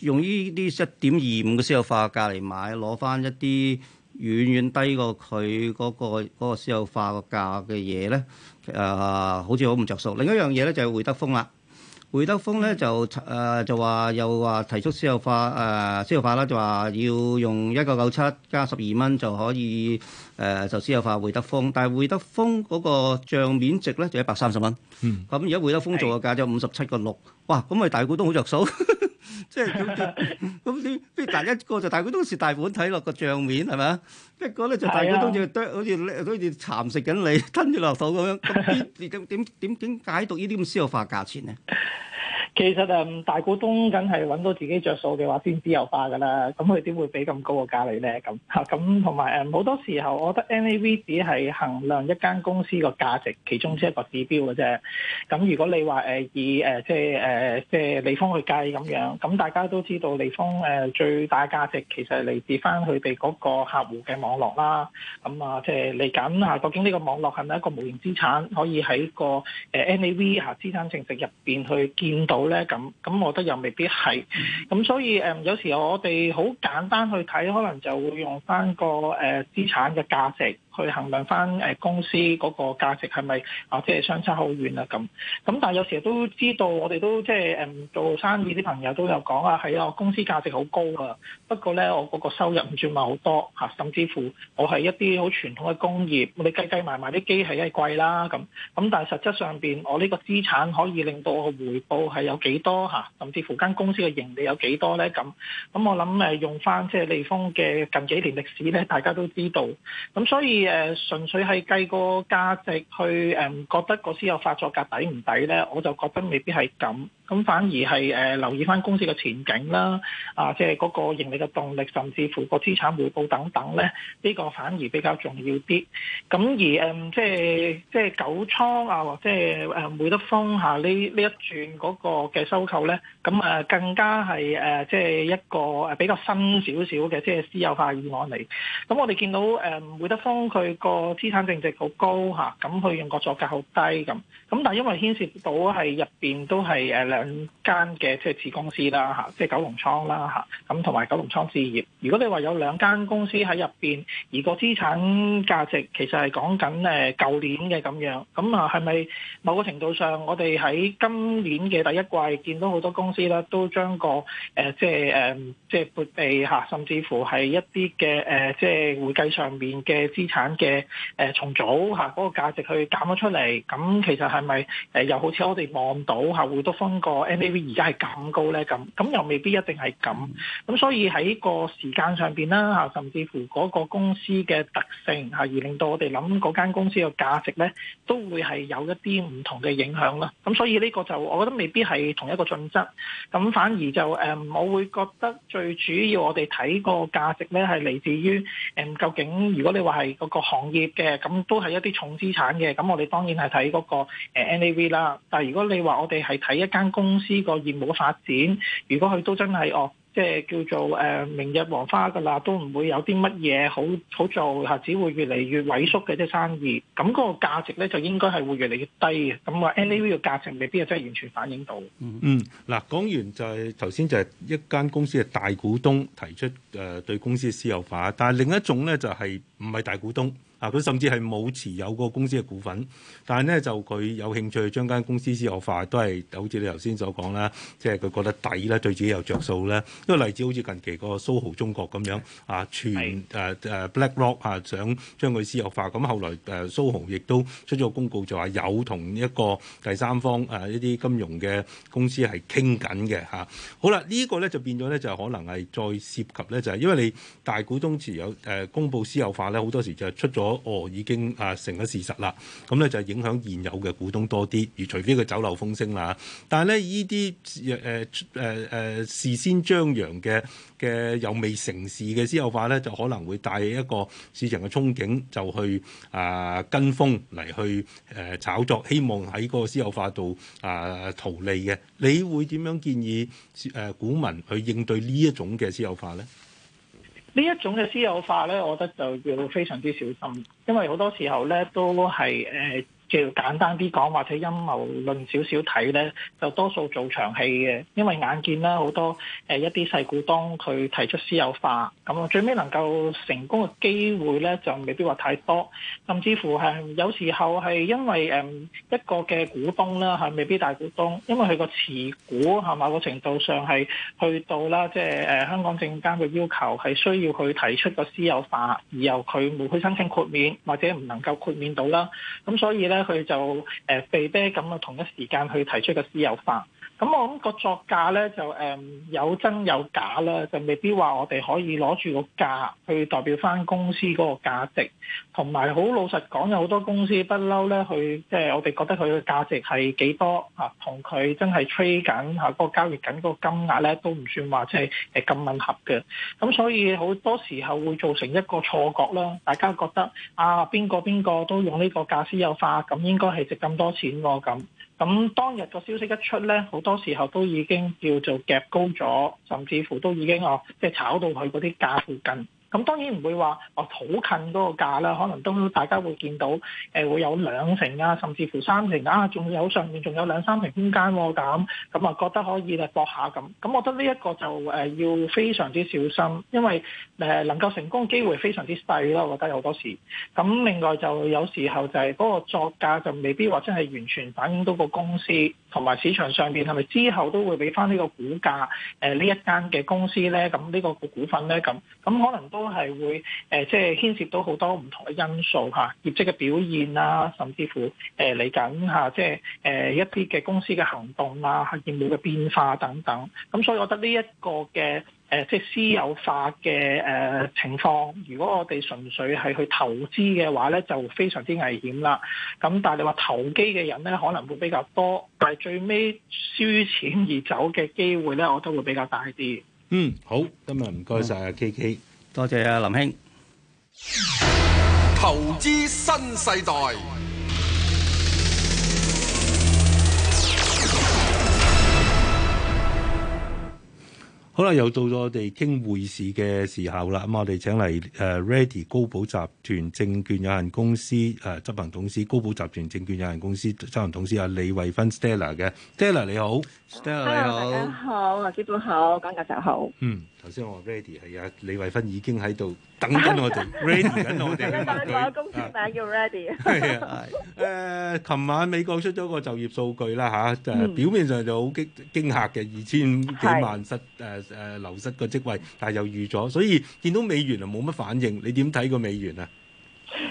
用呢啲一點二五嘅私有化價嚟買，攞翻一啲遠遠低過佢嗰個私有化個價嘅嘢咧？誒、呃、好似好唔着數。另一樣嘢咧就係、是、會德豐啦。會德豐咧就誒、呃、就話又話提出私有化誒、呃、私有化啦，就話要用一九九七加十二蚊就可以誒、呃、就私有化會德豐。但係會德豐嗰個帳面值咧就一百三十蚊。嗯。咁而家會德豐做嘅價就五十七個六。哇！咁咪大股東好着數。 即係咁，咁啲， 呢個一個就大股東是大盤睇落個帳面係嘛。一個咧就大股東似好似好似蠶食緊你吞住落肚咁樣，咁點點點點解讀呢啲咁私有化價錢咧？其實誒大股東梗係揾到自己著數嘅話，先私有化㗎啦。咁佢點會俾咁高嘅價位咧？咁嚇咁同埋誒好多時候，我覺得 NAV 只係衡量一間公司個價值其中之一個指標嘅啫。咁如果你話誒以誒即係誒即係利豐去計咁樣，咁大家都知道利豐誒最大價值其實係嚟自翻佢哋嗰個客戶嘅網絡啦。咁啊即係嚟緊係究竟呢個網絡係咪一個無形資產，可以喺個誒 NAV 嚇資產淨值入邊去見到？咧咁咁，我覺得又未必係。咁， 所以誒，有時候我哋好簡單去睇，可能就會用翻個誒資產嘅價值。去衡量翻誒公司嗰個價值係咪啊，即係相差好遠啊咁。咁但係有時都知道，我哋都即係誒做生意啲朋友都有講啊，係啊，公司價值好高啊，不過咧我嗰個收入唔算話好多嚇，甚至乎我係一啲好傳統嘅工業，你計計埋埋啲機器係貴啦咁。咁但係實質上邊我呢個資產可以令到我嘅回報係有幾多嚇，甚至乎間公司嘅盈利有幾多咧咁。咁我諗誒用翻即係利豐嘅近幾年歷史咧，大家都知道。咁所以誒，純粹係計個價值去誒，覺得個私有化作價抵唔抵咧？我就覺得未必係咁。咁反而係誒留意返公司嘅前景啦，啊，即係嗰個盈利嘅動力，甚至乎個資產回報等等咧，呢個反而比較重要啲。咁而誒即係即係九倉啊，或者誒會德豐嚇呢呢一轉嗰個嘅收購咧，咁啊更加係誒即係一個比較新少少嘅即係私有化議案嚟。咁我哋見到誒會德豐佢個資產淨值好高嚇，咁佢用個作價好低咁，咁但係因為牽涉到係入邊都係誒。兩間嘅即係子公司啦嚇，即係九龍倉啦嚇，咁同埋九龍倉置業。如果你話有兩間公司喺入邊，而個資產價值其實係講緊誒舊年嘅咁樣，咁啊係咪某個程度上，我哋喺今年嘅第一季見到好多公司咧，都將個誒即係誒即係撥備嚇，甚至乎係一啲嘅誒即係會計上面嘅資產嘅誒重組嚇，嗰個價值去減咗出嚟。咁其實係咪誒又好似我哋望到嚇會都分？個 N.A.V. 而家係咁高呢，咁咁又未必一定係咁，咁所以喺個時間上邊啦，嚇甚至乎嗰個公司嘅特性嚇，而令到我哋諗嗰間公司嘅價值呢，都會係有一啲唔同嘅影響啦。咁所以呢個就，我覺得未必係同一個準則，咁反而就誒，我會覺得最主要我哋睇個價值呢，係嚟自於誒究竟如果你話係嗰個行業嘅，咁都係一啲重資產嘅，咁我哋當然係睇嗰個 N.A.V. 啦。但係如果你話我哋係睇一間，公司個業務發展，如果佢都真係哦，即係叫做誒、呃、明日黃花㗎啦，都唔會有啲乜嘢好好做，只會越嚟越萎縮嘅啲生意，咁嗰個價值咧就應該係會越嚟越低嘅。咁 NAV 嘅價值未必係真係完全反映到。嗯嗯，嗱、嗯、講完就係頭先就係一間公司嘅大股東提出誒、呃、對公司嘅私有化，但係另一種咧就係唔係大股東。佢、啊、甚至係冇持有個公司嘅股份，但係咧就佢有興趣將間公司私有化，都係好似你頭先所講啦，即係佢覺得抵啦，對自己有着數啦。因為例子好似近期個蘇、SO、豪中國咁樣，啊，全誒誒、啊、BlackRock 啊，想將佢私有化，咁、啊、後來誒蘇豪亦都出咗公告，就話有同一個第三方誒一啲金融嘅公司係傾緊嘅嚇。好啦，這個、呢個咧就變咗咧就可能係再涉及咧就係、是、因為你大股東持有誒、呃、公佈私有化咧，好多時就出咗。哦，已經啊成咗事實啦，咁咧就影響現有嘅股東多啲，而除非佢走漏風聲啦。但係咧，呢啲誒誒誒事先張揚嘅嘅又未成事嘅私有化咧，就可能會帶起一個市場嘅憧憬，就去啊、呃、跟風嚟去誒炒作，希望喺個私有化度啊套利嘅。你會點樣建議誒股、呃、民去應對呢一種嘅私有化咧？呢一種嘅私有化呢，我覺得就要非常之小心，因為好多時候呢都係誒。呃叫簡單啲講，或者陰謀論少少睇呢，就多數做場戲嘅，因為眼見啦，好多誒一啲細股東佢提出私有化咁啊，最尾能夠成功嘅機會呢，就未必話太多，甚至乎係有時候係因為誒一個嘅股東啦，係未必大股東，因為佢個持股係某個程度上係去到啦，即係誒香港證監嘅要求係需要佢提出個私有化，而由佢冇去申請豁免或者唔能夠豁免到啦，咁所以呢。佢就誒被啤咁啊，同一時間去提出個私有化。咁我諗個作價咧就誒、嗯、有真有假啦，就未必話我哋可以攞住個價去代表翻公司嗰個價值。同埋好老實講，有好多公司不嬲咧，佢即係我哋覺得佢嘅價值係幾多嚇，同、啊、佢真係吹 r a d 嗰個交易緊個金額咧都唔算話即係誒咁吻合嘅。咁所以好多時候會造成一個錯覺啦，大家覺得啊邊個邊個都用呢個價先有化，咁應該係值咁多錢喎、啊、咁。咁當日個消息一出咧，好多時候都已經叫做夾高咗，甚至乎都已經哦、啊，即係炒到佢嗰啲價附近。咁當然唔會話哦，好近嗰個價啦，可能都大家會見到誒、呃，會有兩成啊，甚至乎三成啊，仲有上面仲有兩三成空間喎、啊，咁咁啊覺得可以咧搏下咁。咁我覺得呢一個就誒、呃、要非常之小心，因為誒、呃、能夠成功嘅機會非常之細啦，我覺得有好多時。咁另外就有時候就係嗰個作價就未必話真係完全反映到個公司同埋市場上邊係咪之後都會俾翻呢個股價誒呢、呃、一間嘅公司咧，咁呢個個股份咧咁咁可能都。都係會誒、呃，即係牽涉到好多唔同嘅因素吓、啊，業績嘅表現啦、啊，甚至乎誒嚟緊吓，即係誒、呃、一啲嘅公司嘅行動啊，業務嘅變化等等。咁、啊、所以我覺得呢一個嘅誒、啊，即係私有化嘅誒、啊、情況，如果我哋純粹係去投資嘅話咧，就非常之危險啦。咁、啊、但係你話投機嘅人咧，可能會比較多，但係最尾輸錢而走嘅機會咧，我都會比較大啲。嗯，好，今日唔該晒阿 K K。多謝啊，林兄。投資新世代。好啦，又到咗我哋傾匯市嘅時候啦。咁我哋請嚟誒 Ready 高寶集團證券有限公司誒、啊、執行董事高寶集團證券有限公司執行董事啊李慧芬 Stella 嘅 Stella 你好，Stella 你好，Stella, 你好 Hello, 大家好，基本好，關教授好，嗯。頭先我話 ready 係啊，李慧芬已經喺度等緊我哋 ，ready 緊我哋。話公司名叫 ready。係啊，誒，琴晚美國出咗個就業數據啦嚇，誒、啊，嗯、表面上就好驚驚嚇嘅，二千幾萬失誒誒、嗯呃、流失個職位，但係又預咗，所以見到美元啊冇乜反應，你點睇個美元啊？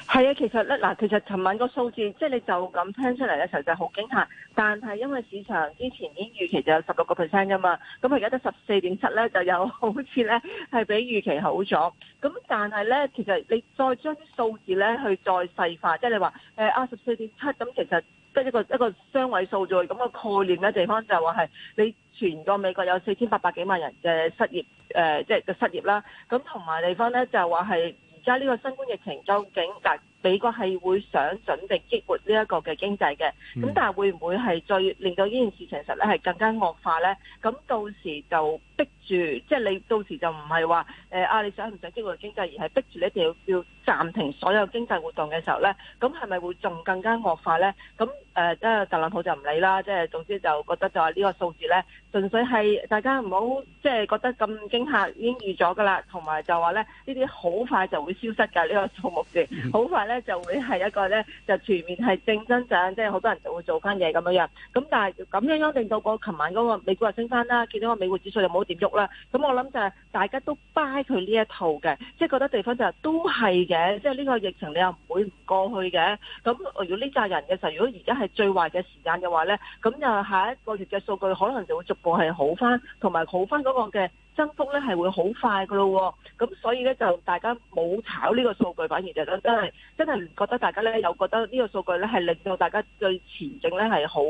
係啊，其實咧嗱，其實尋晚個數字，即、就、係、是、你就咁聽出嚟嘅時候就好驚嚇，但係因為市場之前已經預期就有十六個 percent 噶嘛，咁而家得十四點七咧，就有好似咧係比預期好咗。咁但係咧，其實你再將啲數字咧去再細化，即係你話誒啊十四點七，咁、呃、其實即一個一個雙位數字咁嘅概念咧地方就話、是、係你全個美國有四千八百幾萬人嘅失業誒，即係嘅失業啦。咁同埋地方咧就話係。而家呢個新冠疫情究竟就係美國係會想準備激活呢一個嘅經濟嘅，咁但係會唔會係再令到呢件事情實咧係更加惡化咧？咁到時就逼住，即係你到時就唔係話誒啊，你想唔想激活經濟，而係逼住你一定要要暫停所有經濟活動嘅時候咧，咁係咪會仲更加惡化咧？咁誒，即係特朗普就唔理啦，即係總之就覺得就話呢個數字咧，純粹係大家唔好即係覺得咁驚嚇，已經預咗噶啦，同埋就話咧呢啲好快就會消失㗎呢、呢個數目字，好快咧。就會係一個咧，就全面係正增長，即係好多人就會做翻嘢咁樣樣。咁但係咁樣樣令到嗰個琴晚嗰個美股啊升翻啦，見到個美股指數又冇點喐啦。咁我諗就係大家都掰佢呢一套嘅，即係覺得地方就係都係嘅，即係呢個疫情你又唔會唔過去嘅。咁如果呢扎人嘅時候，如果而家係最壞嘅時間嘅話咧，咁就下一個月嘅數據可能就會逐步係好翻，同埋好翻嗰個嘅。增幅咧係會好快噶咯、哦，咁所以咧就大家冇炒呢個數據，反而就真真係真係覺得大家咧又覺得呢個數據咧係令到大家對前景咧係好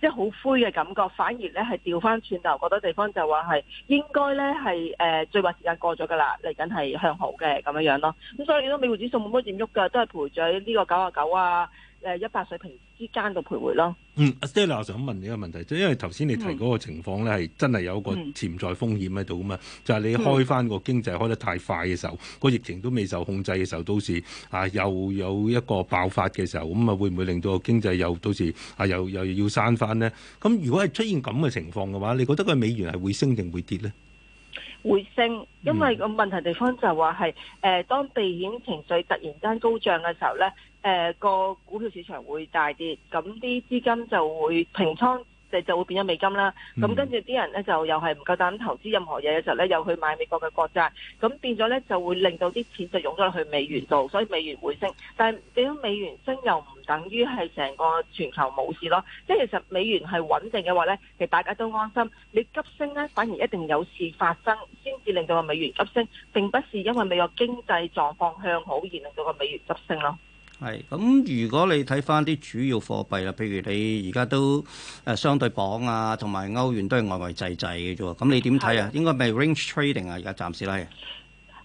即係好灰嘅感覺，反而咧係調翻轉頭，好多地方就話係應該咧係誒最壞時間過咗噶啦，嚟緊係向好嘅咁樣樣咯。咁所以你都美匯指數冇乜點喐噶，都係徘徊住呢個九啊九啊。誒，一百水平之間嘅徘徊咯。嗯，阿 Stella，我想問你一個問題，即係因為頭先你提嗰個情況咧，係、嗯、真係有一個潛在風險喺度噶嘛？就係、是、你開翻個經濟開得太快嘅時候，個、嗯、疫情都未受控制嘅時候，到時啊又有一個爆發嘅時候，咁啊會唔會令到個經濟又到時啊又又要閂翻呢？咁如果係出現咁嘅情況嘅話，你覺得個美元係會升定會跌呢？回升，因為個問題地方就話係，誒、呃，當避險情緒突然間高漲嘅時候咧。誒、呃，個股票市場會大跌，咁啲資金就會平倉，就就會變咗美金啦。咁、嗯、跟住啲人咧就又係唔夠膽投資任何嘢嘅時候咧，又去買美國嘅國債，咁變咗咧就會令到啲錢就湧咗去美元度，所以美元會升。但係變咗美元升又唔等於係成個全球冇事咯。即係其實美元係穩定嘅話咧，其實大家都安心。你急升咧，反而一定有事發生，先至令到個美元急升，並不是因為美國經濟狀況向好而令到個美元急升咯。係咁，如果你睇翻啲主要貨幣啦，譬如你而家都誒相對鎊啊，同埋歐元都係外圍制制嘅啫喎，咁你點睇？係啊，是的 應該咪 range trading 啊，而家暫時啦。誒、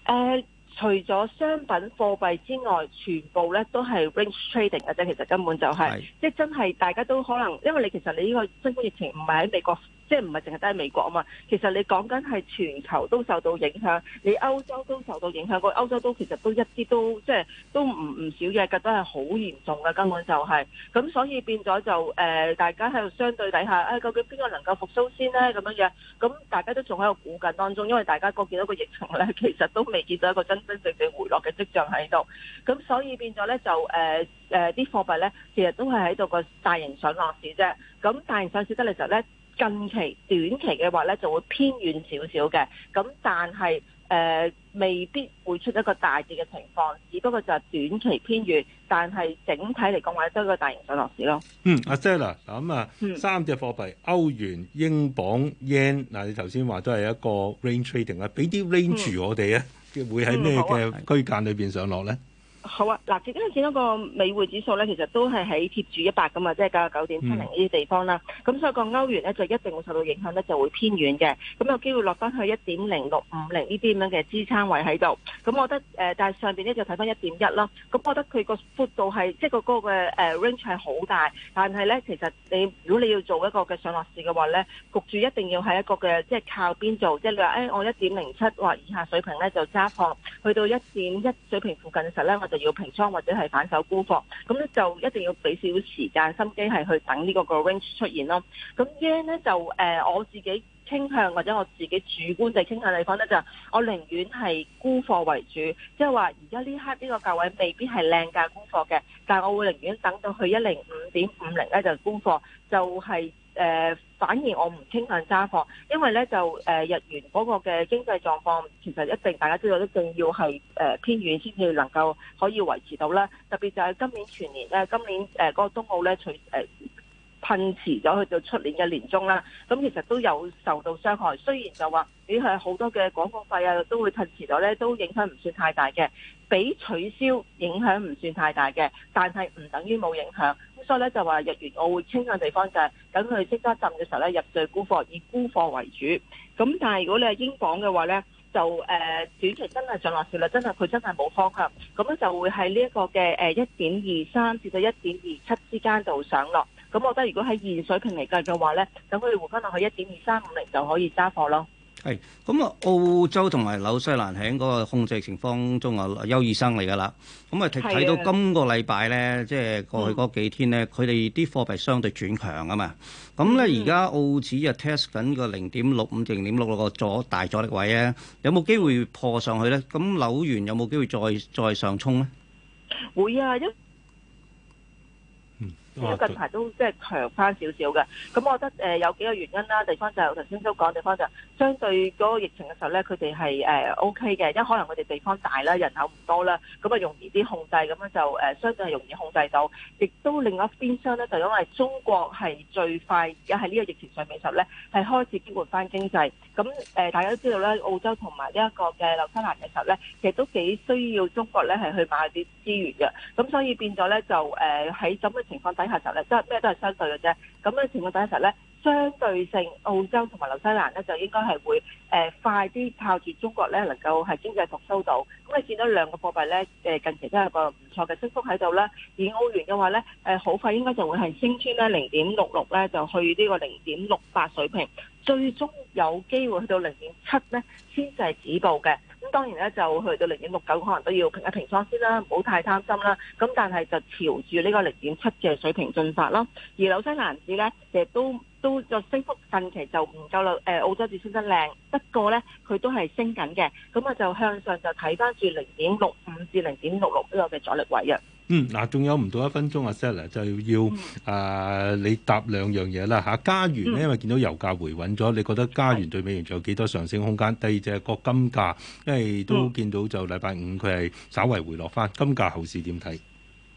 呃，除咗商品貨幣之外，全部咧都係 range trading 嘅啫。其實根本就係、是、是的 即係真係大家都可能，因為你其實你呢個新冠疫情唔係喺美國。即係唔係淨係低喺美國啊嘛？其實你講緊係全球都受到影響，你歐洲都受到影響。個歐洲都其實都一啲都即係都唔唔少嘢嘅，覺得係好嚴重嘅，根本就係、是。咁所以變咗就誒、呃，大家喺度相對底下，誒、哎、究竟邊個能夠復甦先呢？咁樣樣，咁大家都仲喺度估緊當中，因為大家個見到個疫情咧，其實都未見到一個真真正正正回落嘅跡象喺度。咁所以變咗咧就誒誒啲貨幣咧，其實都係喺度個大型上落市啫。咁大型上市得嚟就咧。近期短期嘅話咧，就會偏遠少少嘅，咁但係誒、呃、未必會出一個大跌嘅情況，只不過就係短期偏遠，但係整體嚟講，話都係一個大型上落市咯。嗯，阿 Jenna，嗱咁啊，三隻貨幣、嗯、歐元、英鎊、yen，嗱你頭先話都係一個 trading, 一 range trading 啊，俾啲 range 我哋啊，會喺咩嘅區間裏邊上落咧？好啊，嗱，最近見嗰個美匯指數咧，其實都係喺貼住一百㗎嘛，即係九十九點七零呢啲地方啦。咁、嗯、所以個歐元咧就一定會受到影響咧，就會偏軟嘅。咁有機會落翻去一點零六五零呢啲咁樣嘅支撐位喺度。咁我覺得誒、呃，但係上邊咧就睇翻一點一咯。咁我覺得佢個幅度係即係個個嘅誒 range 係好大，但係咧其實你如果你要做一個嘅上落市嘅話咧，焗住一定要喺一個嘅即係靠邊做，即、就、係、是、你話誒、哎、我一點零七或以下水平咧就揸放，去到一點一水平附近嘅時候咧我，要平倉或者係反手沽貨，咁咧就一定要俾少少時間心機係去等呢個個 range 出現咯。咁 yen 咧就誒、呃、我自己傾向或者我自己主觀嘅傾向地方咧就，我寧願係沽貨為主，即係話而家呢刻呢個價位未必係靚價沽貨嘅，但係我會寧願等到去一零五點五零咧就沽貨，就係、係。誒、呃，反而我唔傾向揸貨，因為咧就誒、呃、日元嗰個嘅經濟狀況，其實一定大家知道一定要係誒、呃、偏軟先至能夠可以維持到啦。特別就係今年全年咧，今年誒、呃嗰個東奧咧取誒。呃噴遲咗去到出年嘅年終啦，咁其實都有受到傷害。雖然就話你係好多嘅廣告費啊，都會噴遲咗咧，都影響唔算太大嘅。俾取消影響唔算太大嘅，但係唔等於冇影響。咁所以咧就話日元，我會傾向地方就係等佢即刻浸嘅時候咧入對沽貨，以沽貨為主。咁但係如果你係英鎊嘅話咧，就誒短期真係上落市啦，真係佢真係冇方向，咁就會喺呢一個嘅誒一點二三至到一點二七之間度上落。咁我覺得如果喺現水平嚟計嘅話咧，等佢回翻落去一點二三五零就可以揸貨咯。係咁啊，澳洲同埋紐西蘭喺嗰個控制情況中啊優異生嚟噶啦。咁啊睇睇到今個禮拜咧，即係過去嗰幾天咧，佢哋啲貨幣相對轉強啊嘛。咁咧而家澳紙啊 test 緊個零點六五定零點六六個左大阻力位咧，有冇機會破上去咧？咁紐元有冇機會再再上衝咧？會啊，因近排都即係強翻少少嘅，咁、嗯、我覺得誒、呃、有幾個原因啦。地方就係頭先都講，地方就相對嗰個疫情嘅時候咧，佢哋係誒 O K 嘅，因為可能佢哋地方大啦，人口唔多啦，咁啊容易啲控制，咁樣就誒、呃、相對係容易控制到。亦都另一邊廂咧，就因為中國係最快而家喺呢個疫情上面頭咧，係開始激活翻經濟。咁誒、呃、大家都知道咧，澳洲同埋呢一個嘅紐西蘭嘅時候咧，其實都幾需要中國咧係去買啲資源嘅。咁所以變咗咧就誒喺咁嘅情況下時咧，即係咩都係相對嘅啫。咁嘅情況底下時咧，相對性澳洲同埋紐西蘭咧，就應該係會誒快啲靠住中國咧，能夠係經濟復甦到。咁你見到兩個貨幣咧，誒近期都係個唔錯嘅升幅喺度咧。以澳元嘅話咧，誒好快應該就會係升穿咧零點六六咧，就去呢個零點六八水平，最終有機會去到零點七咧，先至係止步嘅。咁當然咧，就去到零點六九，可能都要平一平倉先啦，唔好太貪心啦。咁但係就朝住呢個零點七嘅水平進發咯。而紐西蘭市咧，亦都，都就升幅近期就唔夠啦，誒澳洲指升得靚，不過咧佢都係升緊嘅，咁啊就向上就睇翻住零點六五至零點六六呢個嘅阻力位啊。嗯，嗱，仲有唔到一分鐘啊，Sally 就要啊，你答兩樣嘢啦嚇。加元呢，因為見到油價回穩咗，你覺得加元對美元仲有幾多上升空間？第二隻係個金價，因為都見到就禮拜五佢係稍為回落翻，金價後市點睇？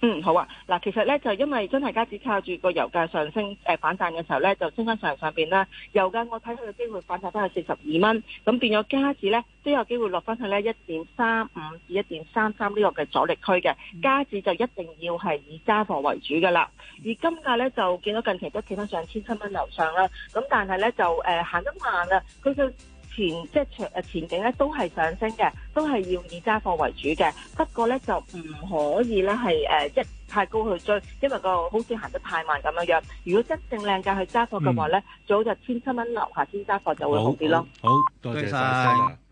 嗯，好啊，嗱，其實咧就因為真係加紙靠住個油價上升，誒、呃、反彈嘅時候咧就升翻上上邊啦。油價我睇佢嘅機會反彈翻去四十二蚊，咁變咗加紙咧都有機會落翻去咧一點三五至一點三三呢個嘅阻力區嘅。加紙就一定要係以揸貨為主噶啦。而金價咧就見到近期都企翻上千七蚊樓上啦，咁但係咧就誒行得慢啊，佢、呃、嘅。走一走一走前即係前前景咧都係上升嘅，都係要以揸貨為主嘅。不過咧就唔可以咧係誒一太高去追，因為個好似行得太慢咁樣樣。如果真正靚價去揸貨嘅話咧，最好、嗯、就千七蚊樓下先揸貨就會好啲咯。好，好，好多謝曬。